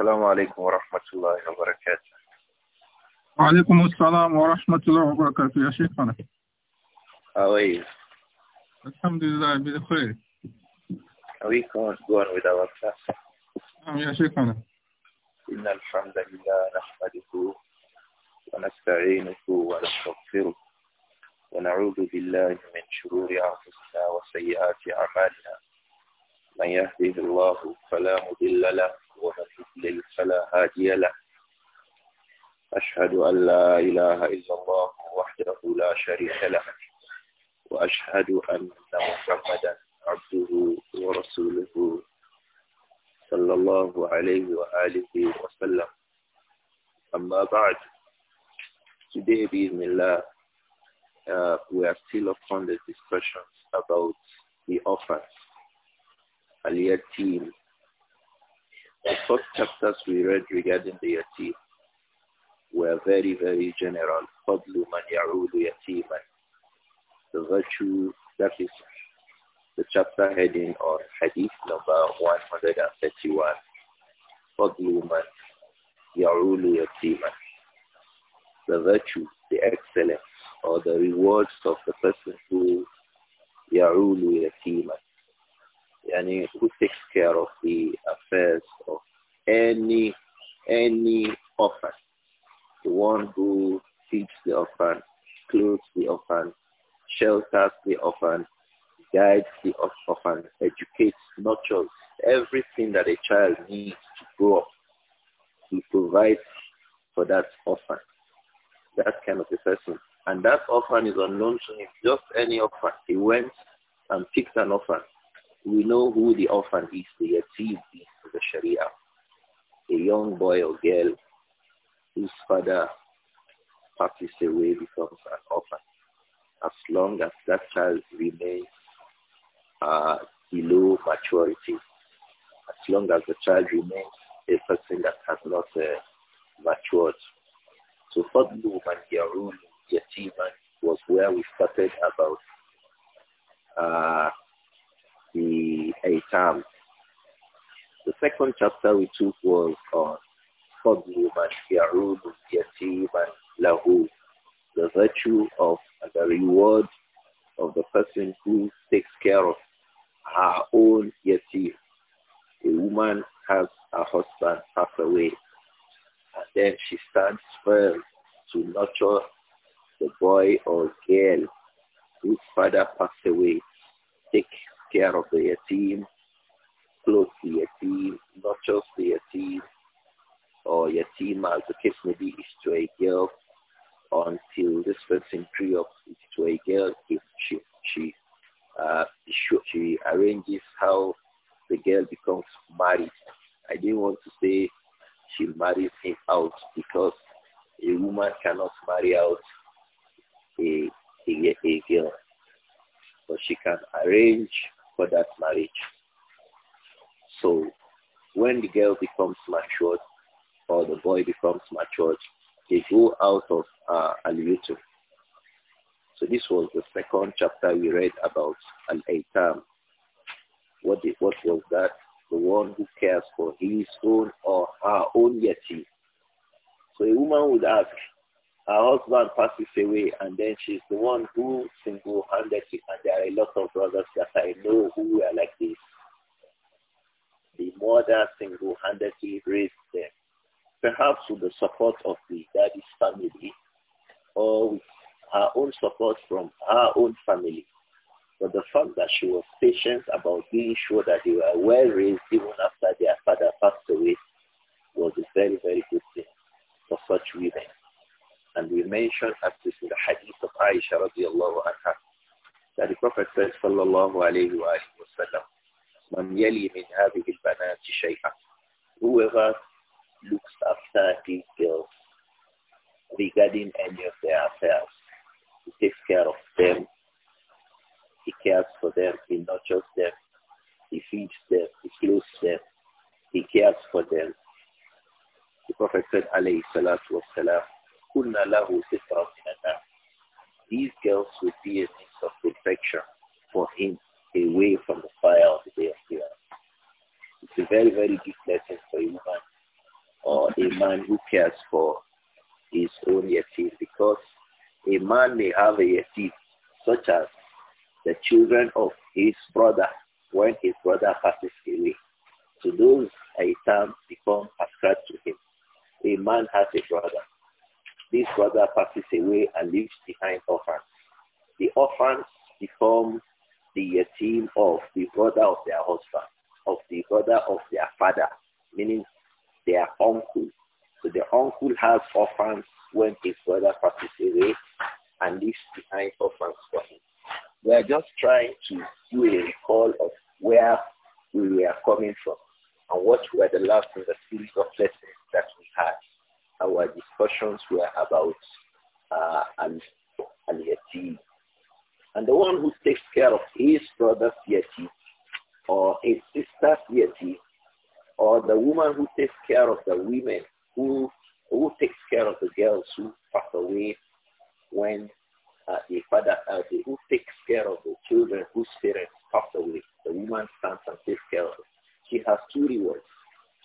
السلام عليكم ورحمة الله وبركاته وعليكم السلام ورحمة الله وبركاته يا شيخنا أوي الحمد لله بخير أويكم وإذا ودوات نعم يا شيخنا إن الحمد لله نحمده ونستعينه ونستغفره ونعوذ بالله من شرور أنفسنا وسيئات أعمالنا من يهده الله فلا مضل له ومن يضلل فلا هادي له أشهد أن لا إله إلا الله وحده لا شريك له وأشهد أن محمدا عبده ورسوله صلى الله عليه وآله وسلم أما بعد Today, Bismillah, uh, we are still upon the discussions about the offense, al-yatim, The first chapters we read regarding the yatim were very, very general. فَضْلُ مَنْ يَعُودُ يَتِيمًا The virtue, that is the chapter heading on hadith number 131. فَضْلُ مَنْ يَعُودُ يَتِيمًا The virtue, the excellence, or the rewards of the person who يَعُودُ يَتِيمًا yani, who takes care of the affairs of any any orphan. The one who feeds the orphan, clothes the orphan, shelters the orphan, guides the orphan, educates, nurtures everything that a child needs to grow up. He provides for that orphan, that kind of a person. And that orphan is unknown to him, just any orphan. He went and picked an orphan we know who the orphan is, the yatim is the Sharia. A young boy or girl whose father passes away becomes an orphan. As long as that child remains uh, below maturity, as long as the child remains a person that has not uh, matured. So and Mandiarun Yatiman was where we started about uh, the Aitam. The second chapter we took was on Fadlu Man Yarud Yatim Lahu, the virtue of the reward of the person who takes care of her own yatim. A woman has her husband pass away, and then she stands firm to nurture the boy or girl whose father passed away, take care of the yatim, clothe the yatim, nurture the yatim, or yatim as the case may be, is to a girl, until this person tree of to a girl, if she she, uh, she she arranges how the girl becomes married. I didn't want to say she marries him out because a woman cannot marry out a, a, a girl. But she can arrange for that marriage. So when the girl becomes matured or the boy becomes matured, they go out of uh, al Yutu. So this was the second chapter we read about al-aitam. What, did, what was that? The one who cares for his own or her own yeti. So a woman would ask, her husband passes away and then she's the one who single-handedly, and there are a lot of brothers that I know who are like this. The mother single-handedly raised them, perhaps with the support of the daddy's family or with her own support from her own family. But the fact that she was patient about being sure that they were well raised even after their father passed away was a very, very good thing for such women. And we mentioned at this in the hadith of Aisha radiallahu anha that the Prophet said, sallallahu alayhi wa sallam, من يلي من هذه البنات شيئا Whoever looks after these girls regarding any of their affairs, he takes care of them, he cares for them, he nurtures them, he feeds them, he clothes them, he cares for them. The Prophet said, alayhi salatu wasalam, these girls would be a means of protection for him away from the fire of the day of fear. It's a very, very deep lesson for a woman or a man who cares for his own yatim because a man may have a yatim such as the children of his brother when his brother passes away. So those items become ascribed to him. A man has a brother this brother passes away and leaves behind orphans. The orphans become the team of the brother of their husband, of the brother of their father, meaning their uncle. So the uncle has orphans when his brother passes away and leaves behind orphans for him. We are just trying to do a recall of where we were coming from and what were the last in the series of lessons that we had our discussions were about uh, an, an And the one who takes care of his brother yatim or his sister yatim or the woman who takes care of the women who who takes care of the girls who pass away when uh, the father uh, the, who takes care of the children whose parents pass away. The woman stands and takes care of. Them. She has two rewards.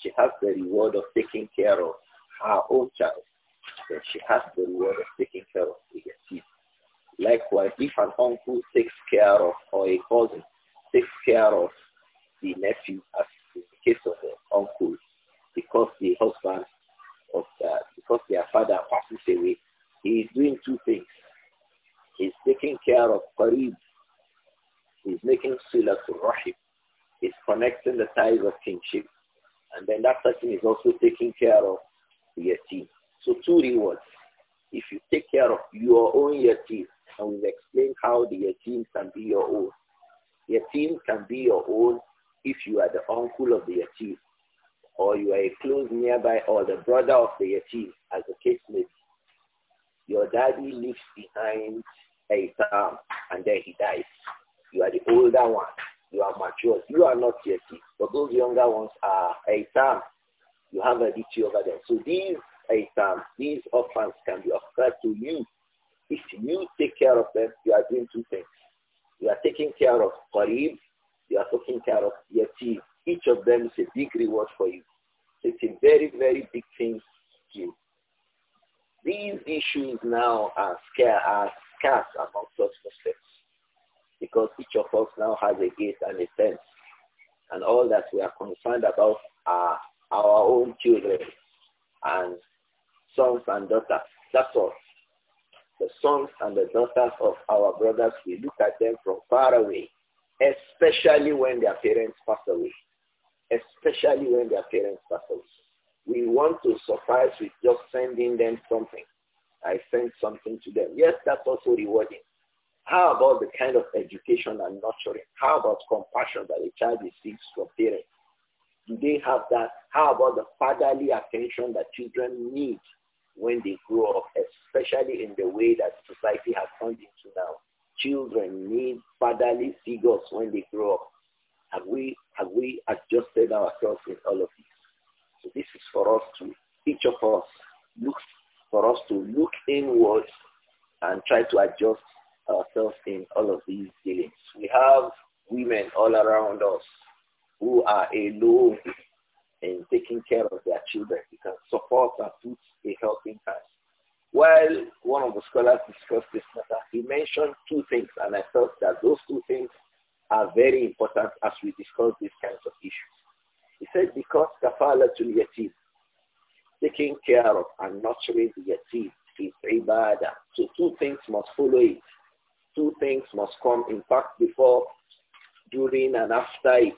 She has the reward of taking care of her own child, then she has the reward of taking care of the yatim. Likewise, if an uncle takes care of or a cousin takes care of the nephew, as in the case of the uncle, because the husband of the, because their father passes away, he is doing two things. He's taking care of Qarib. He's making Silatul Rahim. He's connecting the ties of kinship. And then that person is also taking care of yatim. So two rewards. If you take care of your own yatim, and we will explain how the yatim can be your own. Yatim can be your own if you are the uncle of the yatim, or you are a close nearby or the brother of the yatim, as the case may be. Your daddy leaves behind a son and then he dies. You are the older one. You are mature. You are not yatim. But those younger ones are a son you have a duty over them. So these items, these orphans can be offered to you. If you take care of them, you are doing two things. You are taking care of Qarib, you are taking care of Yatim. Each of them is a big reward for you. It's a very, very big thing to you. These issues now are scarce, are scarce among such Muslims because each of us now has a gate and a fence. And all that we are concerned about are our own children and sons and daughters. That's all. The sons and the daughters of our brothers, we look at them from far away, especially when their parents pass away. Especially when their parents pass away. We want to surprise with just sending them something. I send something to them. Yes, that's also rewarding. How about the kind of education and nurturing? How about compassion that a child receives from parents? Do they have that? How about the fatherly attention that children need when they grow up, especially in the way that society has turned into now? Children need fatherly figures when they grow up. Have we, have we adjusted ourselves in all of this? So this is for us to, each of us looks for us to look inwards and try to adjust ourselves in all of these dealings. We have women all around us who are alone in taking care of their children. You can support and put a helping hand. While one of the scholars discussed this matter, he mentioned two things, and I felt that those two things are very important as we discuss these kinds of issues. He said, because kafalatul yatim, taking care of and nurturing the yatim is ibadah. So two things must follow it. Two things must come, in fact, before, during, and after it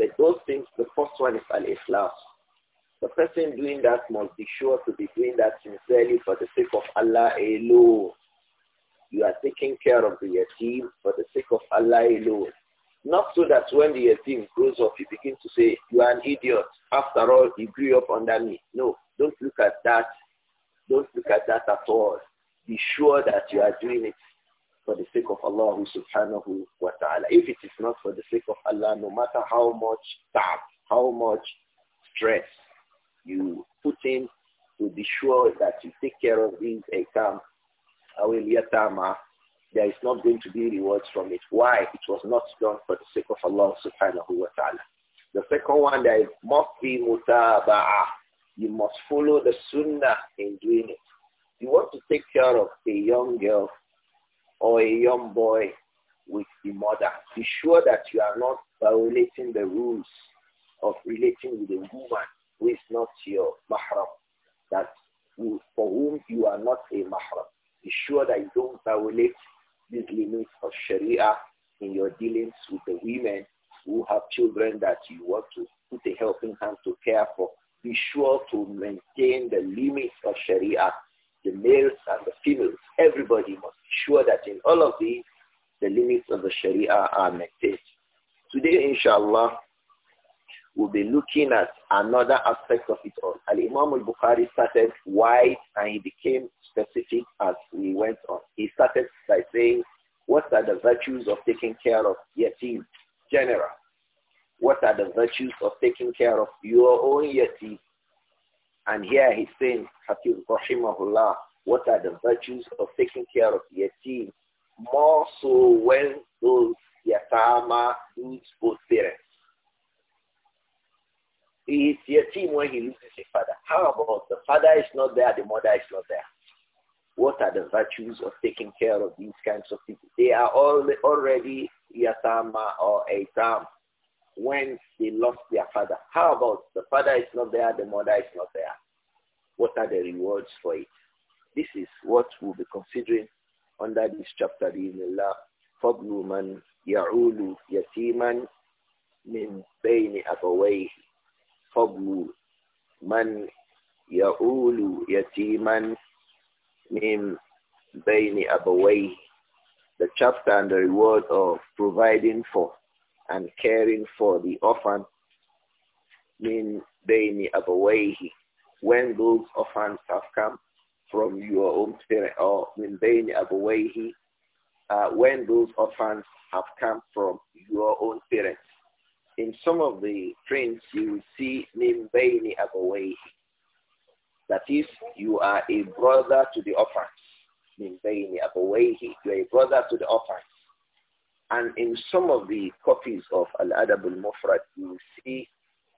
said those things, the first one is al-ikhlas. The person doing that must be sure to be doing that sincerely for the sake of Allah alone. You are taking care of the yatim for the sake of Allah alone. Not so that when the yatim grows up, you begin to say, you are an idiot. After all, you grew up under me. No, don't look at that. Don't look at that at all. Be sure that you are doing it for the sake of Allah subhanahu wa ta'ala. If it is not for the sake of Allah, no matter how much tap, how much stress you put in to be sure that you take care of these exams, there is not going to be rewards from it. Why? It was not done for the sake of Allah subhanahu wa ta'ala. The second one, that must be mutabaa. You must follow the sunnah in doing it. You want to take care of a young girl or a young boy with the mother. Be sure that you are not violating the rules of relating with a woman who is not your mahram, that you, for whom you are not a mahram. Be sure that you don't violate these limits of Sharia in your dealings with the women who have children that you want to put a helping hand to care for. Be sure to maintain the limits of Sharia the males and the females, everybody must ensure that in all of these, the limits of the Sharia are maintained. Today, inshallah, we'll be looking at another aspect of it all. Al-Imam al-Bukhari started wide and he became specific as we went on. He started by saying, what are the virtues of taking care of yatim? General. What are the virtues of taking care of your own yatim? And here he's saying, Hakim Rahimahullah, what are the virtues of taking care of yatim? More so when those yatama lose both parents. He is yatim when he loses his father. How about the father is not there, the mother is not there? What are the virtues of taking care of these kinds of people? They are all already yatama or etam when they lost their father. How about the father is not there, the mother is not there? What are the rewards for it? This is what we'll be considering under this chapter, Bismillah. فضل من يعول يتيما من بين أبويه فضل من يعول يتيما من The chapter and the reward of providing for and caring for the orphan min bayni abawayhi when those orphans have come from your own parent or min bayni abawayhi uh, when those orphans have come from your own parents. In some of the prints you will see min bayni that is you are a brother to the orphans min bayni you are a brother to the orphans and in some of the copies of Al-Adab al-Mufrad, you see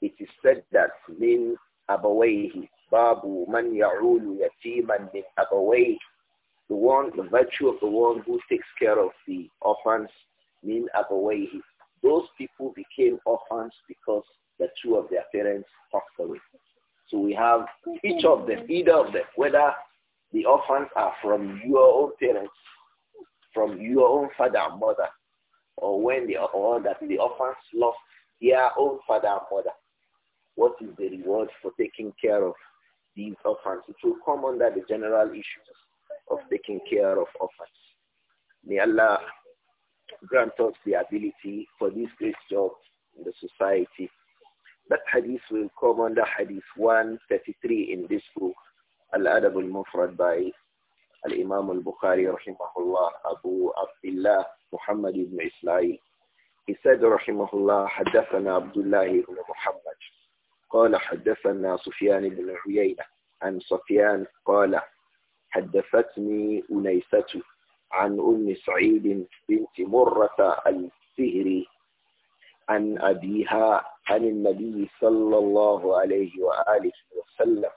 it is said that min abawayhi, babu man ya'ulu yatiman min abawayhi, the one, the virtue of the one who takes care of the orphans, min abawayhi. Those people became orphans because the two of their parents passed away. So we have each of them, either of them, whether the orphans are from your own parents, from your own father or mother, or when the or that the orphans lost their own father and mother. What is the reward for taking care of these orphans? It will come under the general issues of taking care of orphans. May Allah grant us the ability for this great job in the society. That hadith will come under hadith 133 in this book, Al-Adab al-Mufrad by الإمام البخاري رحمه الله أبو عبد الله محمد بن إسماعيل He said رحمه الله حدثنا عبد الله بن محمد قال حدثنا سفيان بن عيينة عن سفيان قال حدثتني أنيسة عن أم سعيد بنت مرة السهري عن أبيها عن النبي صلى الله عليه وآله وسلم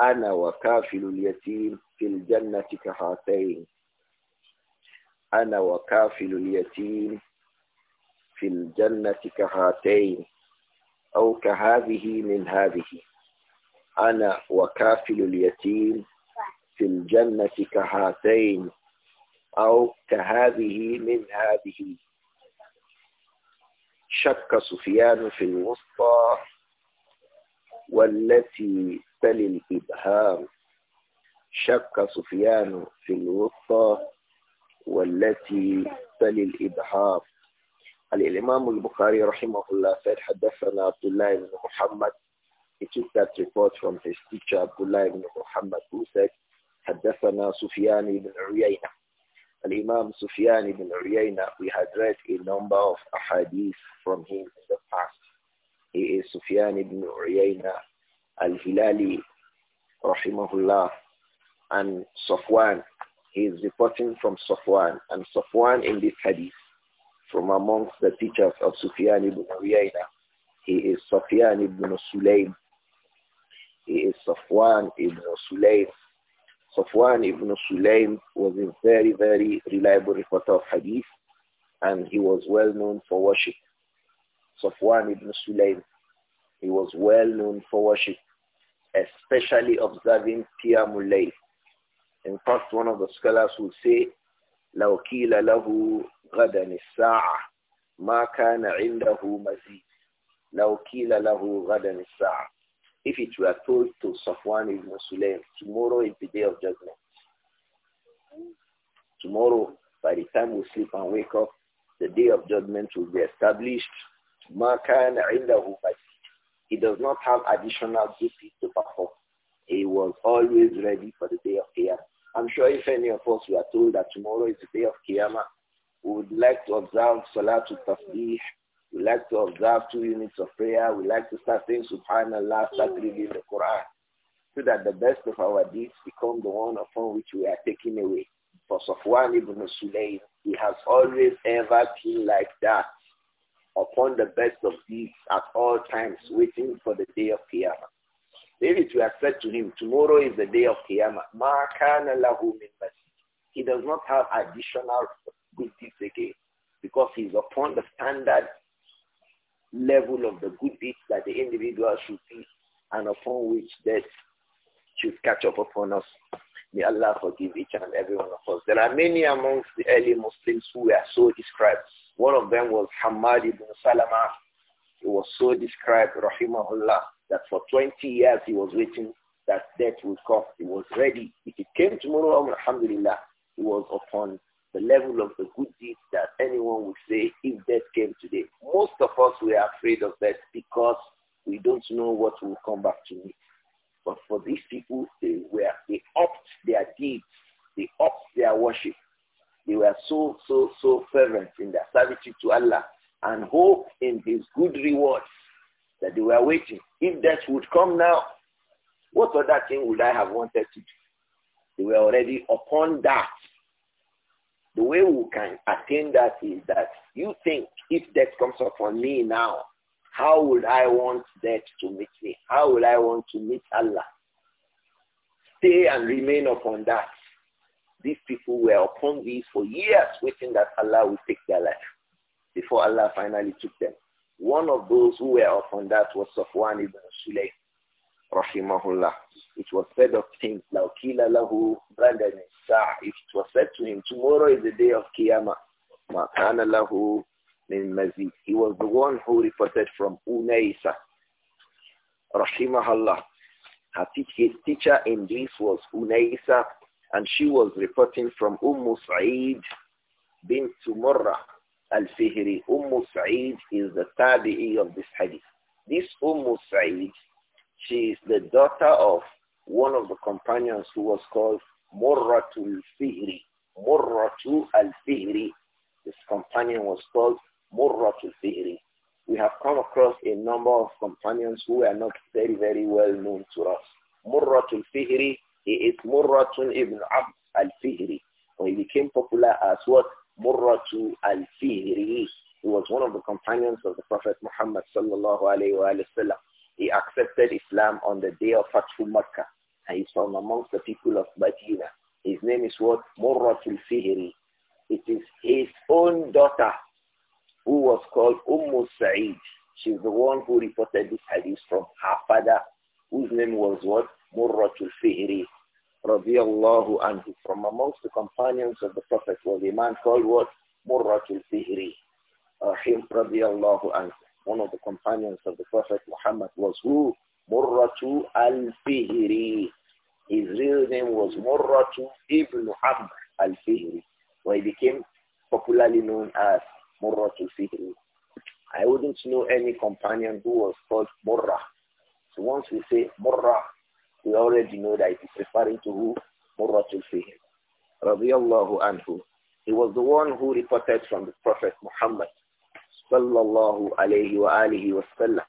أنا وكافل اليتيم في الجنة كهاتين أنا وكافل اليتيم في الجنة كهاتين أو كهذه من هذه أنا وكافل اليتيم في الجنة كهاتين أو كهذه من هذه شك سفيان في الوسطى والتي تلي الإبهام شك سفيان في الوسطى والتي تلي الإبهام الإمام البخاري رحمه الله said حدثنا عبد الله بن محمد He took that report from his teacher Abdullah ibn Muhammad who said حدثنا سفيان بن عيينة الإمام سفيان بن عيينة we had read a number of ahadith from him in the past He is سفيان بن عيينة الهلالي رحمه الله and Safwan. He is reporting from Safwan. And Safwan in this hadith, from amongst the teachers of Sufyan ibn Uyayna, he is Sufyan ibn Sulaym. He is Safwan ibn Sulaym. Safwan ibn Sulaym was a very, very reliable reporter of hadith, and he was well known for worship. Safwan ibn Sulaym, he was well known for worship, especially observing Qiyamul Layl. In fact, one of the scholars will say, لو قيل له غدا الساعة ما كان عنده مزيد لو قيل له غدا الساعة If it were told to Safwan ibn Sulaim, tomorrow is the day of judgment. Tomorrow, by the time we sleep and wake up, the day of judgment will be established. ما كان عنده مزيد He does not have additional duties to perform. He was always ready for the day of Qiyamah. I'm sure if any of us were told that tomorrow is the day of Qiyamah, we would like to observe Salatul Tasbih, we like to observe two units of prayer, we like to start saying Subhanallah, start reading the Quran, so that the best of our deeds become the one upon which we are taken away. For Safwan ibn Sulaym, he has always ever been like that, upon the best of deeds at all times, waiting for the day of Qiyamah. Maybe it have said to him, tomorrow is the day of Qiyamah, He does not have additional good deeds again because he is upon the standard level of the good deeds that the individual should be and upon which death should catch up upon us. May Allah forgive each and every one of us. There are many amongst the early Muslims who were so described. One of them was Hamad ibn Salama. He was so described, rahimahullah that for 20 years he was waiting that death would come. He was ready. If it came tomorrow, alhamdulillah, he was upon the level of the good deeds that anyone would say if death came today. Most of us were afraid of death because we don't know what will come back to me. But for these people, they were, they upped their deeds. They upped their worship. They were so, so, so fervent in their servitude to Allah and hope in his good rewards that they were waiting. If death would come now, what other thing would I have wanted to do? They were already upon that. The way we can attain that is that you think if death comes upon me now, how would I want death to meet me? How would I want to meet Allah? Stay and remain upon that. These people were upon these for years waiting that Allah would take their life before Allah finally took them. One of those who were upon that was Safwan ibn Sulaym, rahimahullah. It was said of him, لَوْكِيلَ لَهُ بَلَنِ If it was said to him, tomorrow is the day of Qiyamah. مَا كَانَ لَهُ مِنْ مَزِيدٍ He was the one who reported from Unaysa, rahimahullah. His teacher in this was Unaysa, and she was reporting from Umm Sa'id bin Murrah al-Fihri. Umm Sa'id is the tabi'i of this hadith. This Umm Sa'id, she is the daughter of one of the companions who was called Murratul Fihri. Murratu al-Fihri. This companion was called Murratul Fihri. We have come across a number of companions who are not very, very well known to us. Murratul Fihri, he is Murratun ibn Abd al-Fihri. When he became popular as what? Murratu al-Fihri. He was one of the companions of the Prophet Muhammad sallallahu alayhi wa He accepted Islam on the day of Fathu Makkah and he's from amongst the people of Medina. His name is what? al-Fihri. Fihri. It is his own daughter who was called Umm Sa'id. She's the one who reported this hadith from her father whose name was what? al Fihri radiallahu anhu. From amongst the companions of the Prophet was a man called what? Murratul Fihri. Uh, him radiallahu anhu. One of the companions of the Prophet Muhammad was who? Murratu al-Fihri. His real name was Murratu ibn Amr al-Fihri, where he became popularly known as al Fihri. I wouldn't know any companion who was called Murrah. So once we say Murrah, we already know that it is referring to who? Murratul Fihr. Radiallahu anhu. He was the one who reported from the Prophet Muhammad sallallahu alayhi wa alihi wa sallam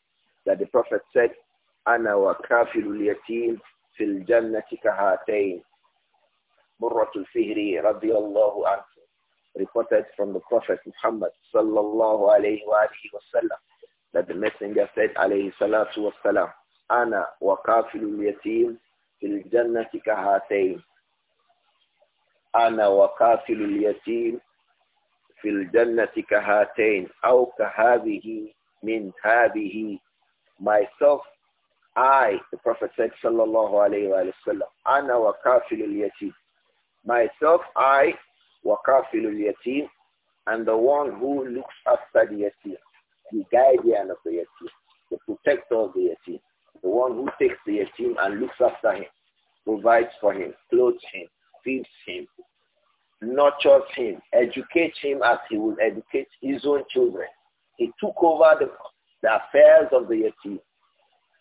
that the Prophet said, Ana wa kafirul yatim fil jannati kahatayn. Murratul Fihri radiallahu anhu reported from the Prophet Muhammad sallallahu alayhi wa alihi wa sallam that the messenger said alayhi salatu wa salam أنا وكافل اليتيم في الجنة كهاتين أنا وكافل اليتيم في الجنة كهاتين أو كهذه من هذه myself I the prophet said صلى الله عليه وآله وسلم أنا وكافل اليتيم myself I وكافل اليتيم and the one who looks after the yatim the guardian of the yatim the protector of the yatim the one who takes the yatim and looks after him, provides for him, clothes him, feeds him, nurtures him, educates him as he would educate his own children. He took over the, the affairs of the yatim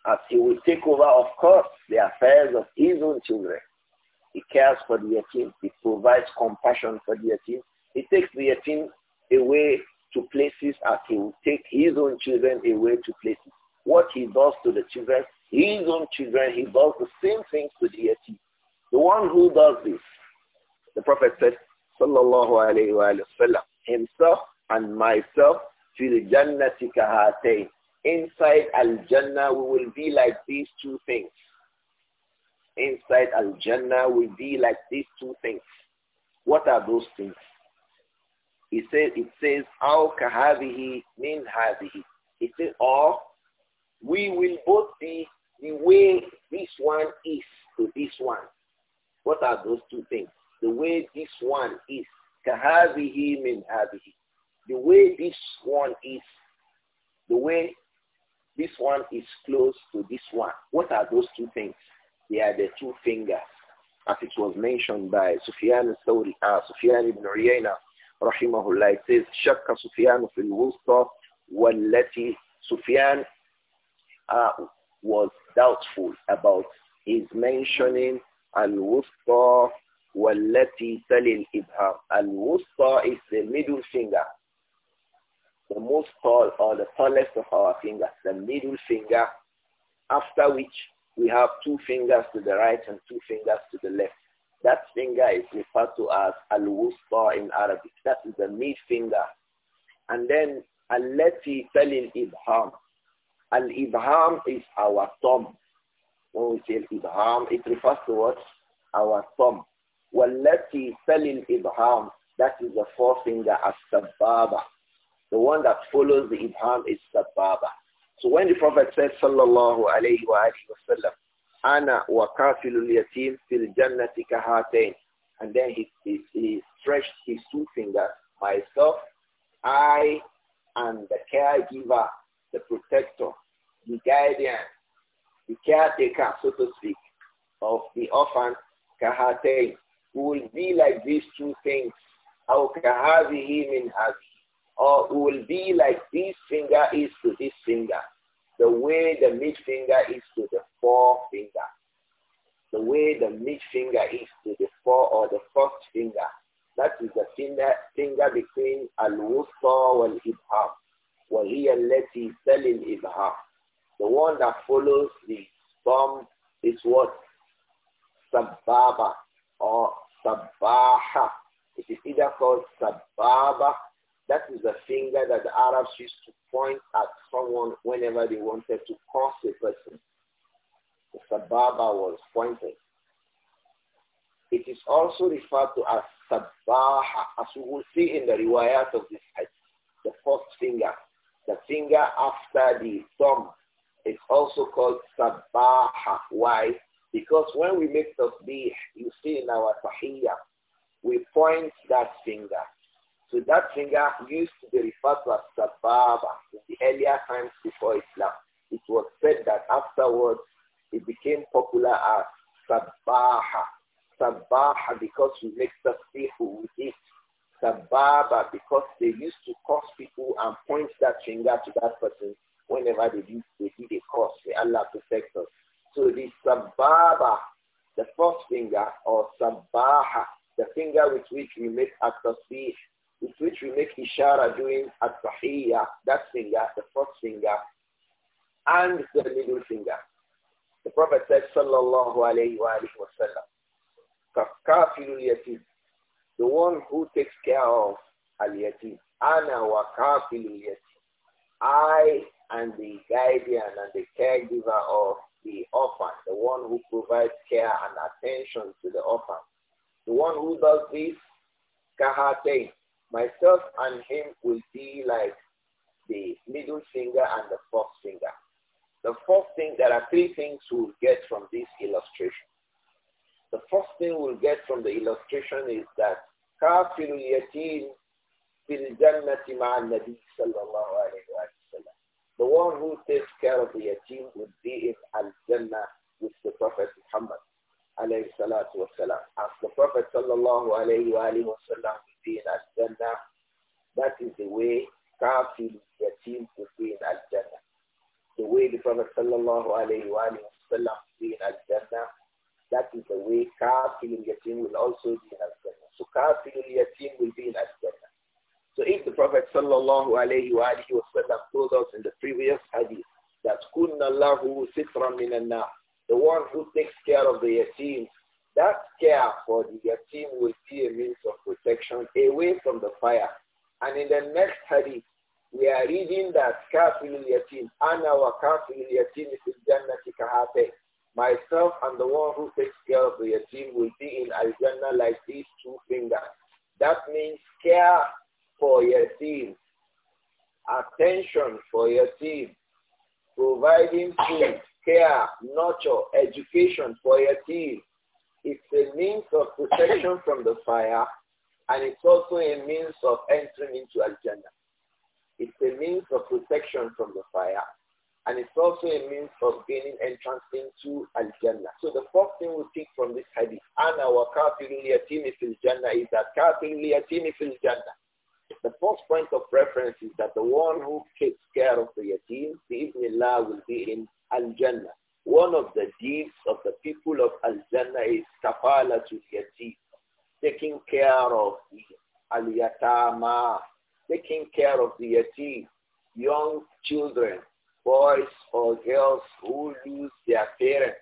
as he will take over, of course, the affairs of his own children. He cares for the yatim. He provides compassion for the yatim. He takes the yatim away to places as he will take his own children away to places what he does to the children, his own children, he does the same things to the yatim. The one who does this, the Prophet said, Sallallahu Alaihi Wasallam himself and myself, fil jannati kahatayn. Inside al-jannah we will be like these two things. Inside al-jannah we will be like these two things. What are those things? It says, it says, aw kahadihi min hadihi. It says, or we will both be the way this one is to this one. What are those two things? The way this one is, kahabihi min habihi. The way this one is, the way this one is close to this one. What are those two things? They are the two fingers, as it was mentioned by Sufyan al-Thawri, uh, Sufyan ibn Uyayna, rahimahullah. It says, شَكَّ سُفْيَانُ فِي الْوُسْطَى وَالَّتِي Sufyan uh, was doubtful about his mentioning al-wusta wallati talil ibham. Al-wusta is the middle finger, the most tall or the tallest of our fingers, the middle finger, after which we have two fingers to the right and two fingers to the left. That finger is referred to as al-wusta in Arabic. That is the mid finger. And then al-lati talil ibham Al-Ibham is our thumb. When we say Al-Ibham, it refers to what? Our thumb. وَالَّتِي فَلِ الْإِبْهَامِ That is the forefinger as Sababa. The one that follows the Ibham is Sababa. So when the Prophet says Sallallahu alayhi wa alayhi wa Ana wa kafilul yatim fil jannati kahatain. And then he, he, he stretched his two fingers, myself, I, and the caregiver the protector, the guardian, the caretaker, so to speak, of the orphan, kahatein, who will be like these two things, Kahavi him in هذه, or who will be like this finger is to this finger, the way the mid finger is to the forefinger, the way the mid finger is to the fore or the first finger. That is the finger, finger between al-wusta and al-ibham وَهِيَ الَّتِي سَلِ الْإِبْهَارِ The one that follows the storm is what? Sababa or Sabaha. It is either called Sababa. That is the finger that the Arabs used to point at someone whenever they wanted to curse a person. The Sababa was pointing. It is also referred to as Sabaha, as we will see in the riwayat of this hadith, the fourth finger. The finger after the thumb is also called sabaha. Why? Because when we make tasbih, you see in our tahiyya, we point that finger. So that finger used to be referred to as sababa in the earlier times before Islam. It was said that afterwards it became popular as sabaha. Sabaha because we make tasbih with it sababa because they used to curse people and point that finger to that person whenever they did, they did a curse. May Allah protect us. So the sababa, the first finger, or sabaha, the finger with which we make at-tasbih, with which we make ishara doing at-tahiyya, that finger, the first finger, and the middle finger. The Prophet said, sallallahu alayhi wa sallam, the one who takes care of Aliyati, Ana wa Aliyati. I and the guardian and the caregiver of the orphan, the one who provides care and attention to the orphan. The one who does this, kahatain, myself and him will be like the middle finger and the fourth finger. The first thing, there are three things we'll get from this illustration. The first thing we'll get from the illustration is that كافر اليتيم في الجنة مع النبي صلى الله عليه وسلم. The one who takes care of the yatim will be in Al-Jannah with the Prophet Muhammad alayhi salatu As the Prophet sallallahu alayhi wa alayhi wasalam be in Al-Jannah, that is the way kafir yatim will be in Al-Jannah. The way the Prophet sallallahu alayhi wa alayhi wasalam will be in Al-Jannah, that is the way kafir yatim will also be in Al-Jannah will be in al So if the Prophet sallallahu alayhi wa wasallam told us in the previous hadith that kunna اللَّهُ سِتْرًا مِنَ The one who takes care of the yatim, that care for the yatim will be a means of protection away from the fire. And in the next hadith, we are reading that yatim, الْيَتِيمِ أَنَا وَكَافِلُ الْيَتِيمِ فِي الْجَنَّةِ كَهَاتَيْنِ myself and the one who takes care of the yatim will be in al like these two fingers. That means care for yatim, attention for yatim, providing food, care, nurture, education for yatim. It's a means of protection from the fire and it's also a means of entering into al It's a means of protection from the fire and it's also a means of gaining entrance into Al-Jannah. So the first thing we take from this hadith, Ana wa kafirul yatimi fil Jannah, is that kafirul yatimi fil Jannah. The first point of reference is that the one who takes care of the yatim, Allah, will be in Al-Jannah. One of the deeds of the people of Al-Jannah is kafala to yatim, taking care of the al-yatama, taking care of the yatim, young children, boys or girls who lose their parents.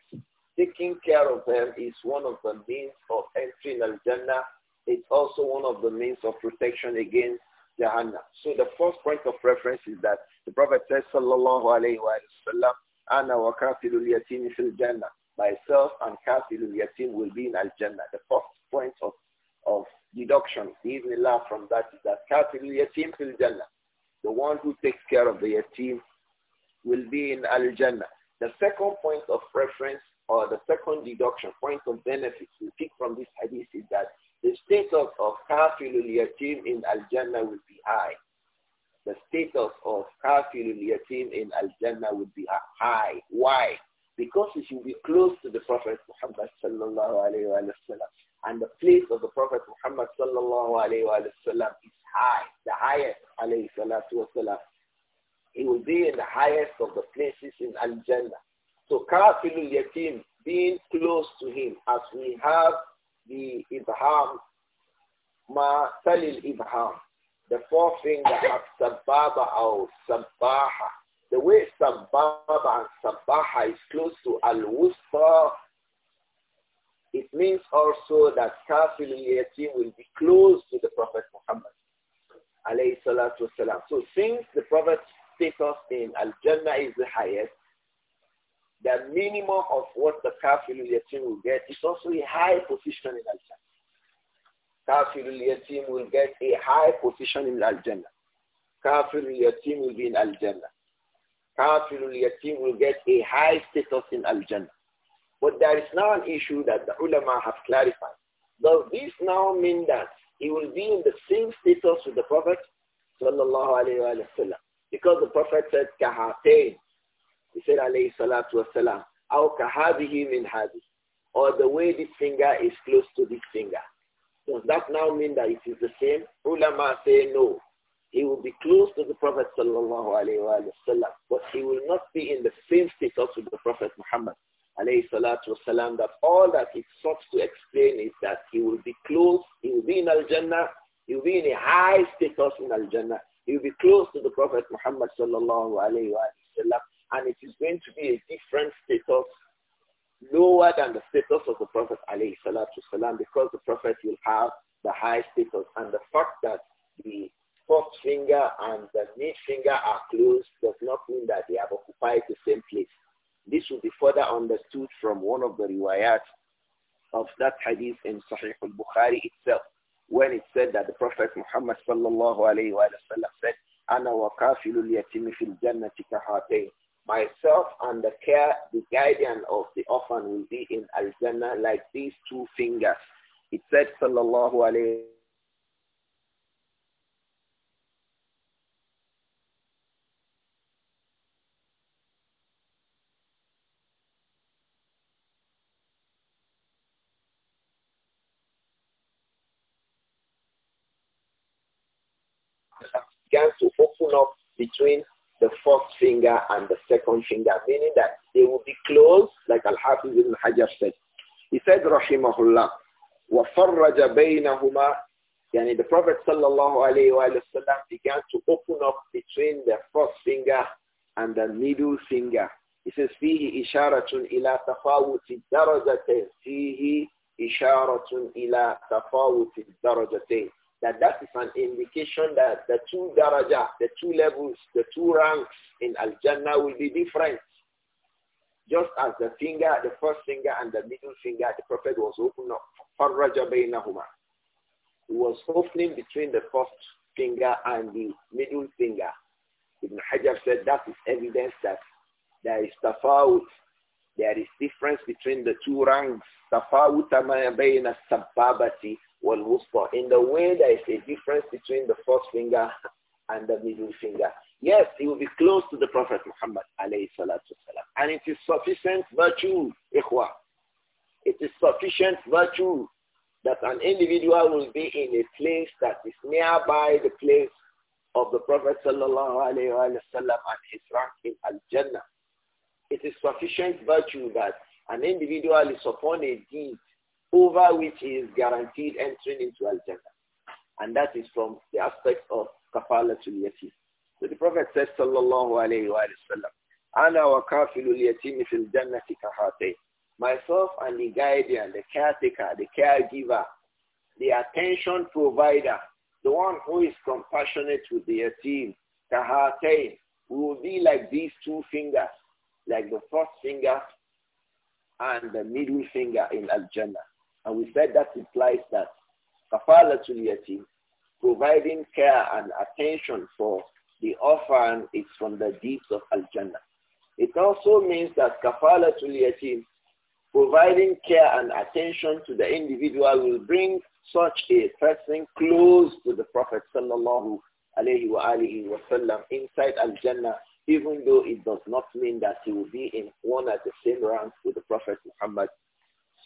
Taking care of them is one of the means of entering Al-Jannah. It's also one of the means of protection against Jahannam. So the first point of reference is that the Prophet says, Sallallahu Alaihi Wasallam, Ana wa kafilul yatim fil Jannah. Myself and kafilul yatim will be in Al-Jannah. The first point of, of deduction, even from that is that kafilul yatim fil Jannah. The one who takes care of the yatim will be in Al-Jannah. The second point of reference or the second deduction, point of benefit we pick from this hadith is that the status of kafilul yatim in Al-Jannah will be high. The status of kafilul yatim in Al-Jannah will be high. Why? Because it will be close to the Prophet Muhammad sallallahu alayhi wa sallam. And the place of the Prophet Muhammad sallallahu alayhi wa sallam is high, the highest alayhi salatu wa sallam he will be in the highest of the places in Al-Jannah. So Kafilu Yatim, being close to him, as we have the Ibham, Ma Salil Ibham, the forefinger of Sababa or Sabaha. The way Sababa and Sabaha is close to Al-Wusta, it means also that Kafilu Yatim will be close to the Prophet Muhammad. So since the Prophet status in Al-Jannah is the highest, the minimum of what the kafir yatim will get is also a high position in Al-Jannah. Kafir yatim will get a high position in Al-Jannah. Kafir yatim will be in Al-Jannah. Kafir yatim will get a high status in Al-Jannah. But there is now an issue that the ulama have clarified. Does this now mean that he will be in the same status with the Prophet? Sallallahu alayhi wa sallam. Because the Prophet said, kahatain. He said, alayhi salatu wasalam, aw kahadihi min hadi. Or the way this finger is close to this finger. Does that now mean that it is the same? Ulama say no. He will be close to the Prophet sallallahu alayhi wa but he will not be in the same status with the Prophet Muhammad alayhi salatu wasalam, that all that he sought to explain is that he will be close, he will be in Al-Jannah, he will be in a high status in Al-Jannah, he will be close to the Prophet Muhammad sallallahu alayhi wa sallam, and it is going to be a different status, lower than the status of the Prophet alayhi salatu salam, because the Prophet will have the high status. And the fact that the fourth finger and the mid finger are closed does not mean that they have occupied the same place. This will be further understood from one of the riwayat of that hadith in Sahih al-Bukhari itself when it said that the Prophet Muhammad sallallahu alayhi wa sallam said, Ana wa kafilul yatimi fil jannati kahatain. Myself and the care, the guardian of the orphan will be in Al-Jannah like these two fingers. It said sallallahu alayhi between the first finger and the second finger, meaning that they will be closed, like Al-Hafiz ibn Hajar said. He said, Rahimahullah, وَفَرَّجَ بَيْنَهُمَا Yani the Prophet sallallahu alayhi wa sallam began to open up between the first finger and the middle finger. He says, فِيهِ إِشَارَةٌ إِلَى تَفَاوُتِ الدَّرَجَتَيْنِ فِيهِ إِشَارَةٌ إِلَى تَفَاوُتِ الدَّرَجَتَيْنِ that that is an indication that the two daraja, the two levels, the two ranks in Al-Jannah will be different. Just as the finger, the first finger and the middle finger, the Prophet was opening up. Farraja baynahuma. He was opening between the first finger and the middle finger. Ibn Hajar said that is evidence that there is tafawut. There is difference between the two ranks. Tafawut bayna sababati in the way there is a difference between the first finger and the middle finger. Yes, he will be close to the Prophet Muhammad alayhi salatu wasalam. And it is sufficient virtue, ikhwa. It is sufficient virtue that an individual will be in a place that is nearby the place of the Prophet sallallahu alayhi wa sallam and his rank in Al-Jannah. It is sufficient virtue that an individual is upon a deed over which he is guaranteed entering into Al-Jannah. And that is from the aspect of to yatim. So the Prophet says, sallallahu alayhi wa sallam, Ana wa kafilul yatim fil jannati kahate. Myself and the guardian, the caretaker, the caregiver, the attention provider, the one who is compassionate with the yatim, kahatain, will be like these two fingers, like the first finger and the middle finger in Al-Jannah. And we said that implies that kafala yatim, providing care and attention for the orphan is from the deeds of al-jannah. It also means that kafala yatim, providing care and attention to the individual will bring such a person close to the Prophet sallallahu alayhi wa alihi wa sallam inside al-jannah even though it does not mean that he will be in one at the same rank with the Prophet Muhammad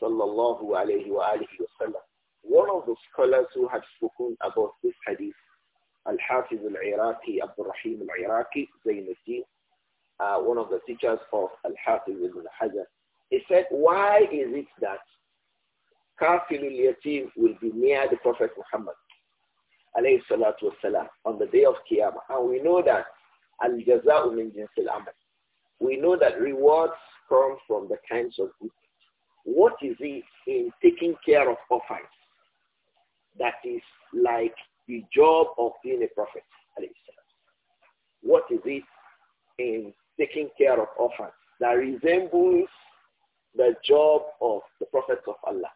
sallallahu alayhi wa alihi wasallam. One of the scholars who had spoken about this hadith, Al-Hafiz al-Iraqi, Rahim al-Iraqi, Zainuddin, uh, one of the teachers of Al-Hafiz ibn Hajar, he said, why is it that Kafirul Yatim will be near the Prophet Muhammad alayhi salatu wasalam, on the day of Qiyamah? And we know that al-jaza'u min jinsil amal. We know that rewards come from the kinds of good what is it in taking care of orphans that is like the job of being a prophet? What is it in taking care of orphans that resembles the job of the prophets of Allah?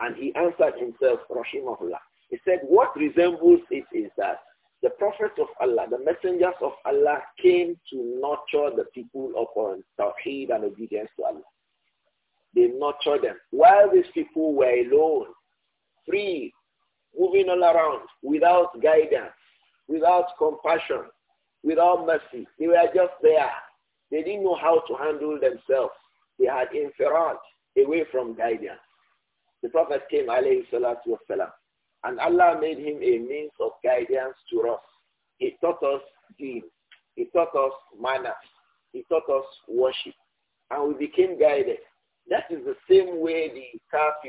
And he answered himself, allah He said, what resembles it is that the prophets of Allah, the messengers of Allah came to nurture the people upon tawheed and obedience to Allah. They nurture them. While these people were alone, free, moving all around, without guidance, without compassion, without mercy. They were just there. They didn't know how to handle themselves. They had inferred away from guidance. The Prophet came, alayhi salatu wasalam, and Allah made him a means of guidance to us. He taught us deen. He taught us manners. He taught us worship. And we became guided. That is the same way the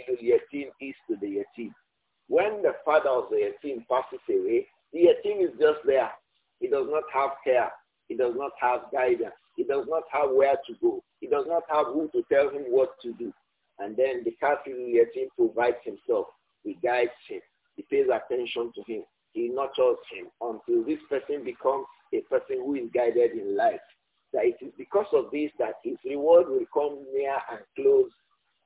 the yatim is to the yatim. When the father of the yatim passes away, the yatim is just there. He does not have care. He does not have guidance. He does not have where to go. He does not have who to tell him what to do. And then the the yatim provides himself. He guides him. He pays attention to him. He nurtures him until this person becomes a person who is guided in life that it is because of this that his reward will come near and close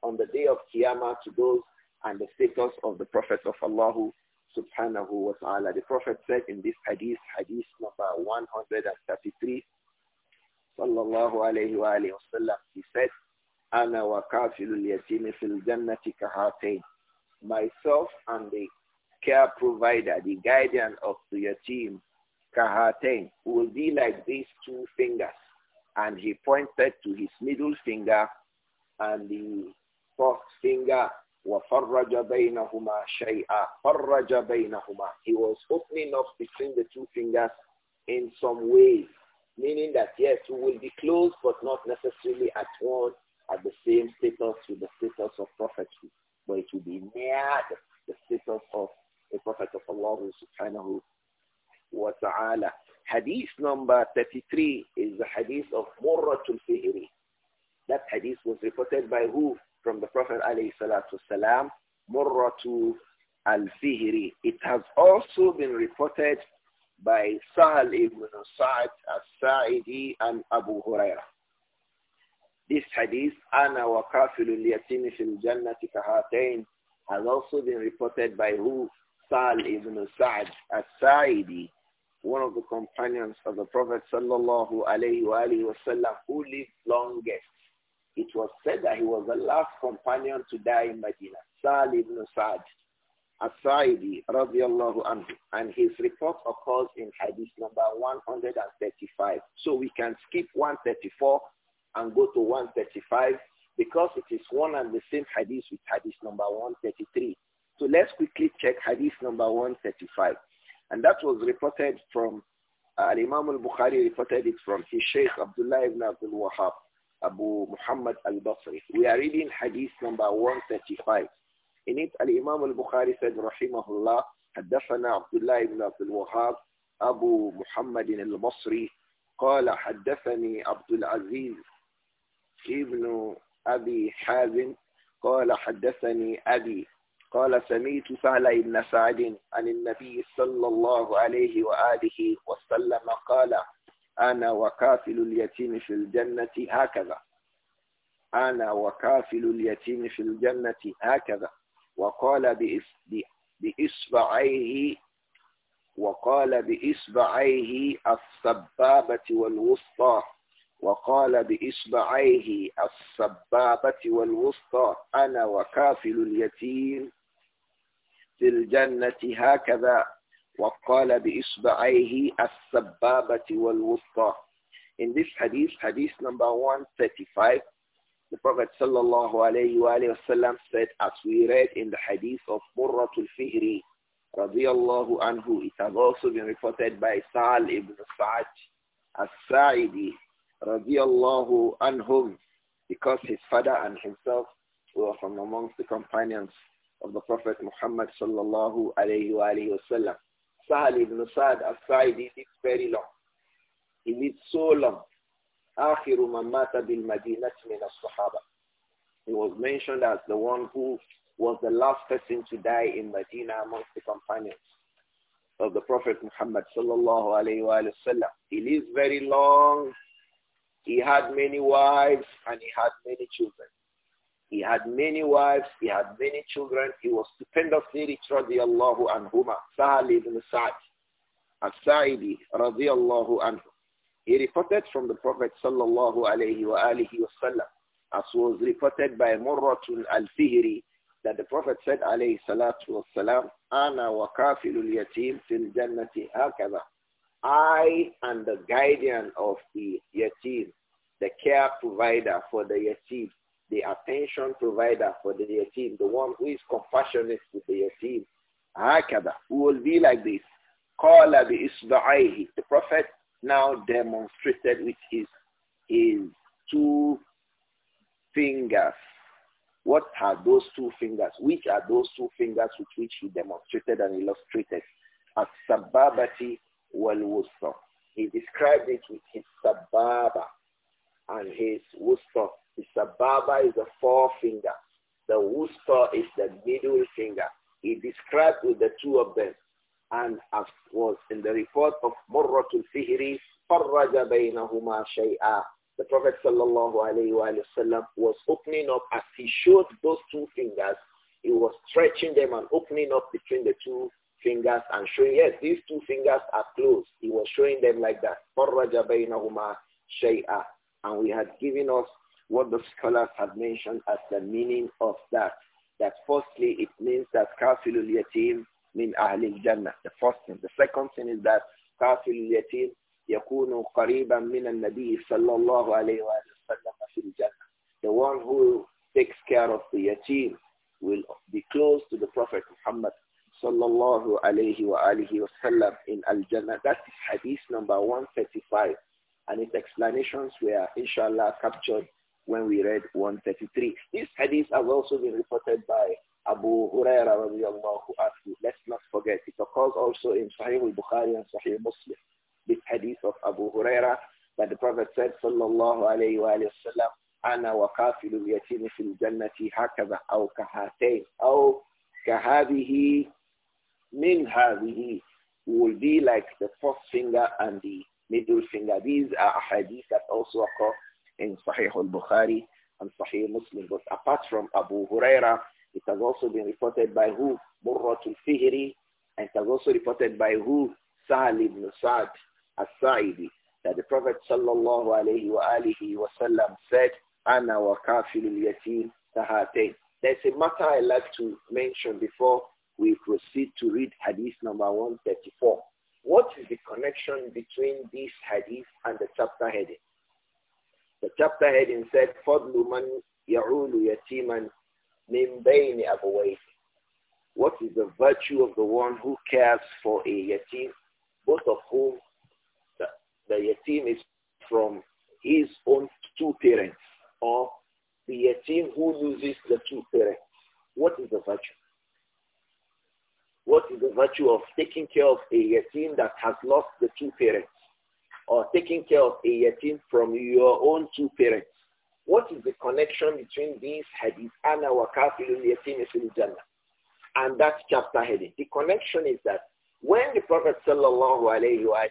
on the day of Qiyamah to those and the status of the Prophet of Allah subhanahu wa ta'ala. The Prophet said in this hadith, hadith number 133, sallallahu alayhi wa alayhi wa sallam, he said, أَنَا وَكَافِلُ الْيَتِيمِ فِي الْجَنَّةِ كَهَاتَيْنِ Myself and the care provider, the guardian of the yatim, kahatain, will be like these two fingers and he pointed to his middle finger and the fourth finger. وَفَرَّجَ بَيْنَهُمَا شَيْئًا فَرَّجَ بَيْنَهُمَا He was opening up between the two fingers in some way, meaning that yes, we will be close but not necessarily at one at the same status with the status of prophethood, but it will be near the, the status of a prophet of Allah subhanahu wa ta'ala. Hadith number 33 is the hadith of Murratul Fihri. That hadith was reported by who? From the Prophet alayhi salatu salam, al-Fihri. It has also been reported by Sahal ibn Sa'd al-Sa'idi and Abu Huraira. This hadith, Ana wa kafilul yatimi fil jannati kahatain, has also been reported by who? Sahal ibn Sa'd al-Sa'idi one of the companions of the Prophet sallallahu alayhi wasallam who lived longest. It was said that he was the last companion to die in Medina, Sa'al ibn sa As-Sa'idi radiallahu anhu. And his report occurs in hadith number 135. So we can skip 134 and go to 135 because it is one and the same hadith with hadith number 133. So let's quickly check hadith number 135. And that was reported from, uh, Imam al-Bukhari reported it from his Sheikh Abdullah ibn Abdul Wahab, Abu Muhammad al-Basri. We are reading hadith number 135. In it, imam al-Bukhari said, rahimahullah, حدثنا عبد الله بن عبد الوهاب أبو محمد البصري قال حدثني عبد العزيز ابن أبي حازم قال حدثني أبي قال سميت سهل بن سعد عن النبي صلى الله عليه وآله وسلم قال أنا وكافل اليتيم في الجنة هكذا أنا وكافل اليتيم في الجنة هكذا وقال بإصبعيه وقال بإصبعيه السبابة والوسطى وقال بإصبعيه السبابة والوسطى أنا وكافل اليتيم في الجنة هكذا وقال بإصبعيه السبابة والوسطى In this hadith, hadith number 135, the Prophet sallallahu alayhi wa sallam said, as we read in the hadith of al Fihri, radiyallahu anhu, it has also been reported by Sa'al ibn Sa'ad as-Sa'idi, radiyallahu anhum, because his father and himself were from amongst the companions of the Prophet Muhammad sallallahu alayhi wa alayhi wasallam. Sahal ibn Sa'd al-Sa'idi lived very long. He lived so long. آخر من مات بالمدينة من الصحابة. He was mentioned as the one who was the last person to die in Medina amongst the companions of the Prophet Muhammad sallallahu alayhi wa sallam. He lived very long. He had many wives and he had many children. He had many wives. He had many children. He was stupendously rich, radiallahu anhuma. Sahal ibn Sa'd, al-Sa'idi, radiallahu anhu. He reported from the Prophet sallallahu alayhi wa alihi wasallam, as was reported by Murratun al-Fihri, that the Prophet said alayhi salatu salam, Ana wa kafilul yatim fil jannati hakada. I am the guardian of the yatim, the care provider for the yatim the attention provider for the team, the one who is compassionate with the team, Hakada, who will be like this. Qala the isba'ayhi. The Prophet now demonstrated with his, his two fingers. What are those two fingers? Which are those two fingers with which he demonstrated and illustrated? As-sababati wal-wusta. He described it with his sababa and his wusta, the sababa is the forefinger. The wusta is the middle finger. He described with the two of them. And as was in the report of Murratul Fihri, فَرَّجَ بَيْنَهُمَا Shay'a. The Prophet sallallahu alayhi wa sallam was opening up as he showed those two fingers. He was stretching them and opening up between the two fingers and showing, yes, these two fingers are closed. He was showing them like that. فَرَّجَ بَيْنَهُمَا Shay'a, And we had given us what the scholars have mentioned as the meaning of that. That firstly, it means that kafilul yatim min ahlil jannah. The first thing. The second thing is that kafilul yatim yakunu qariban min al-nabi sallallahu alayhi wa sallam fil jannah. The one who takes care of the yatim will be close to the Prophet Muhammad sallallahu alayhi wa alihi wa sallam in al-jannah. That is hadith number 135. And its explanations were, inshallah, captured when we read 133. This hadith has also been reported by Abu Huraira. radiallahu anhu. Let's not forget, it occurs also in Sahih al-Bukhari and Sahih Muslim. This hadith of Abu Huraira, that the Prophet said, sallallahu alayhi wa sallam, أنا وقافل اليتيم في الجنة هكذا أو كهاتين أو كهذه من هذه will be like the first finger and the middle finger. These are hadith that also occur in Sahih al-Bukhari and Sahih Muslim. But apart from Abu Huraira, it has also been reported by who? Burratul Fihri. And it has also reported by who? Sahal ibn Sa'd al-Sa'idi. That the Prophet sallallahu alayhi wa alihi wa sallam said, Ana wa kafilul yatim tahatain. There's a matter I would like to mention before we proceed to read hadith number 134. What is the connection between this hadith and the chapter heading? The chapter heading said, فَضْلُ مَنْ يَعُولُ يَتِيمًا مِنْ بَيْنِ أَبَوَيْهِ What is the virtue of the one who cares for a yatim, both of whom the, the yatim is from his own two parents, or the yatim who loses the two parents? What is the virtue? What is the virtue of taking care of a yatim that has lost the two parents? or taking care of a yatim from your own two parents. What is the connection between these hadith, and our kafirun yatim jannah, and that chapter heading? The connection is that when the Prophet sallallahu alayhi wa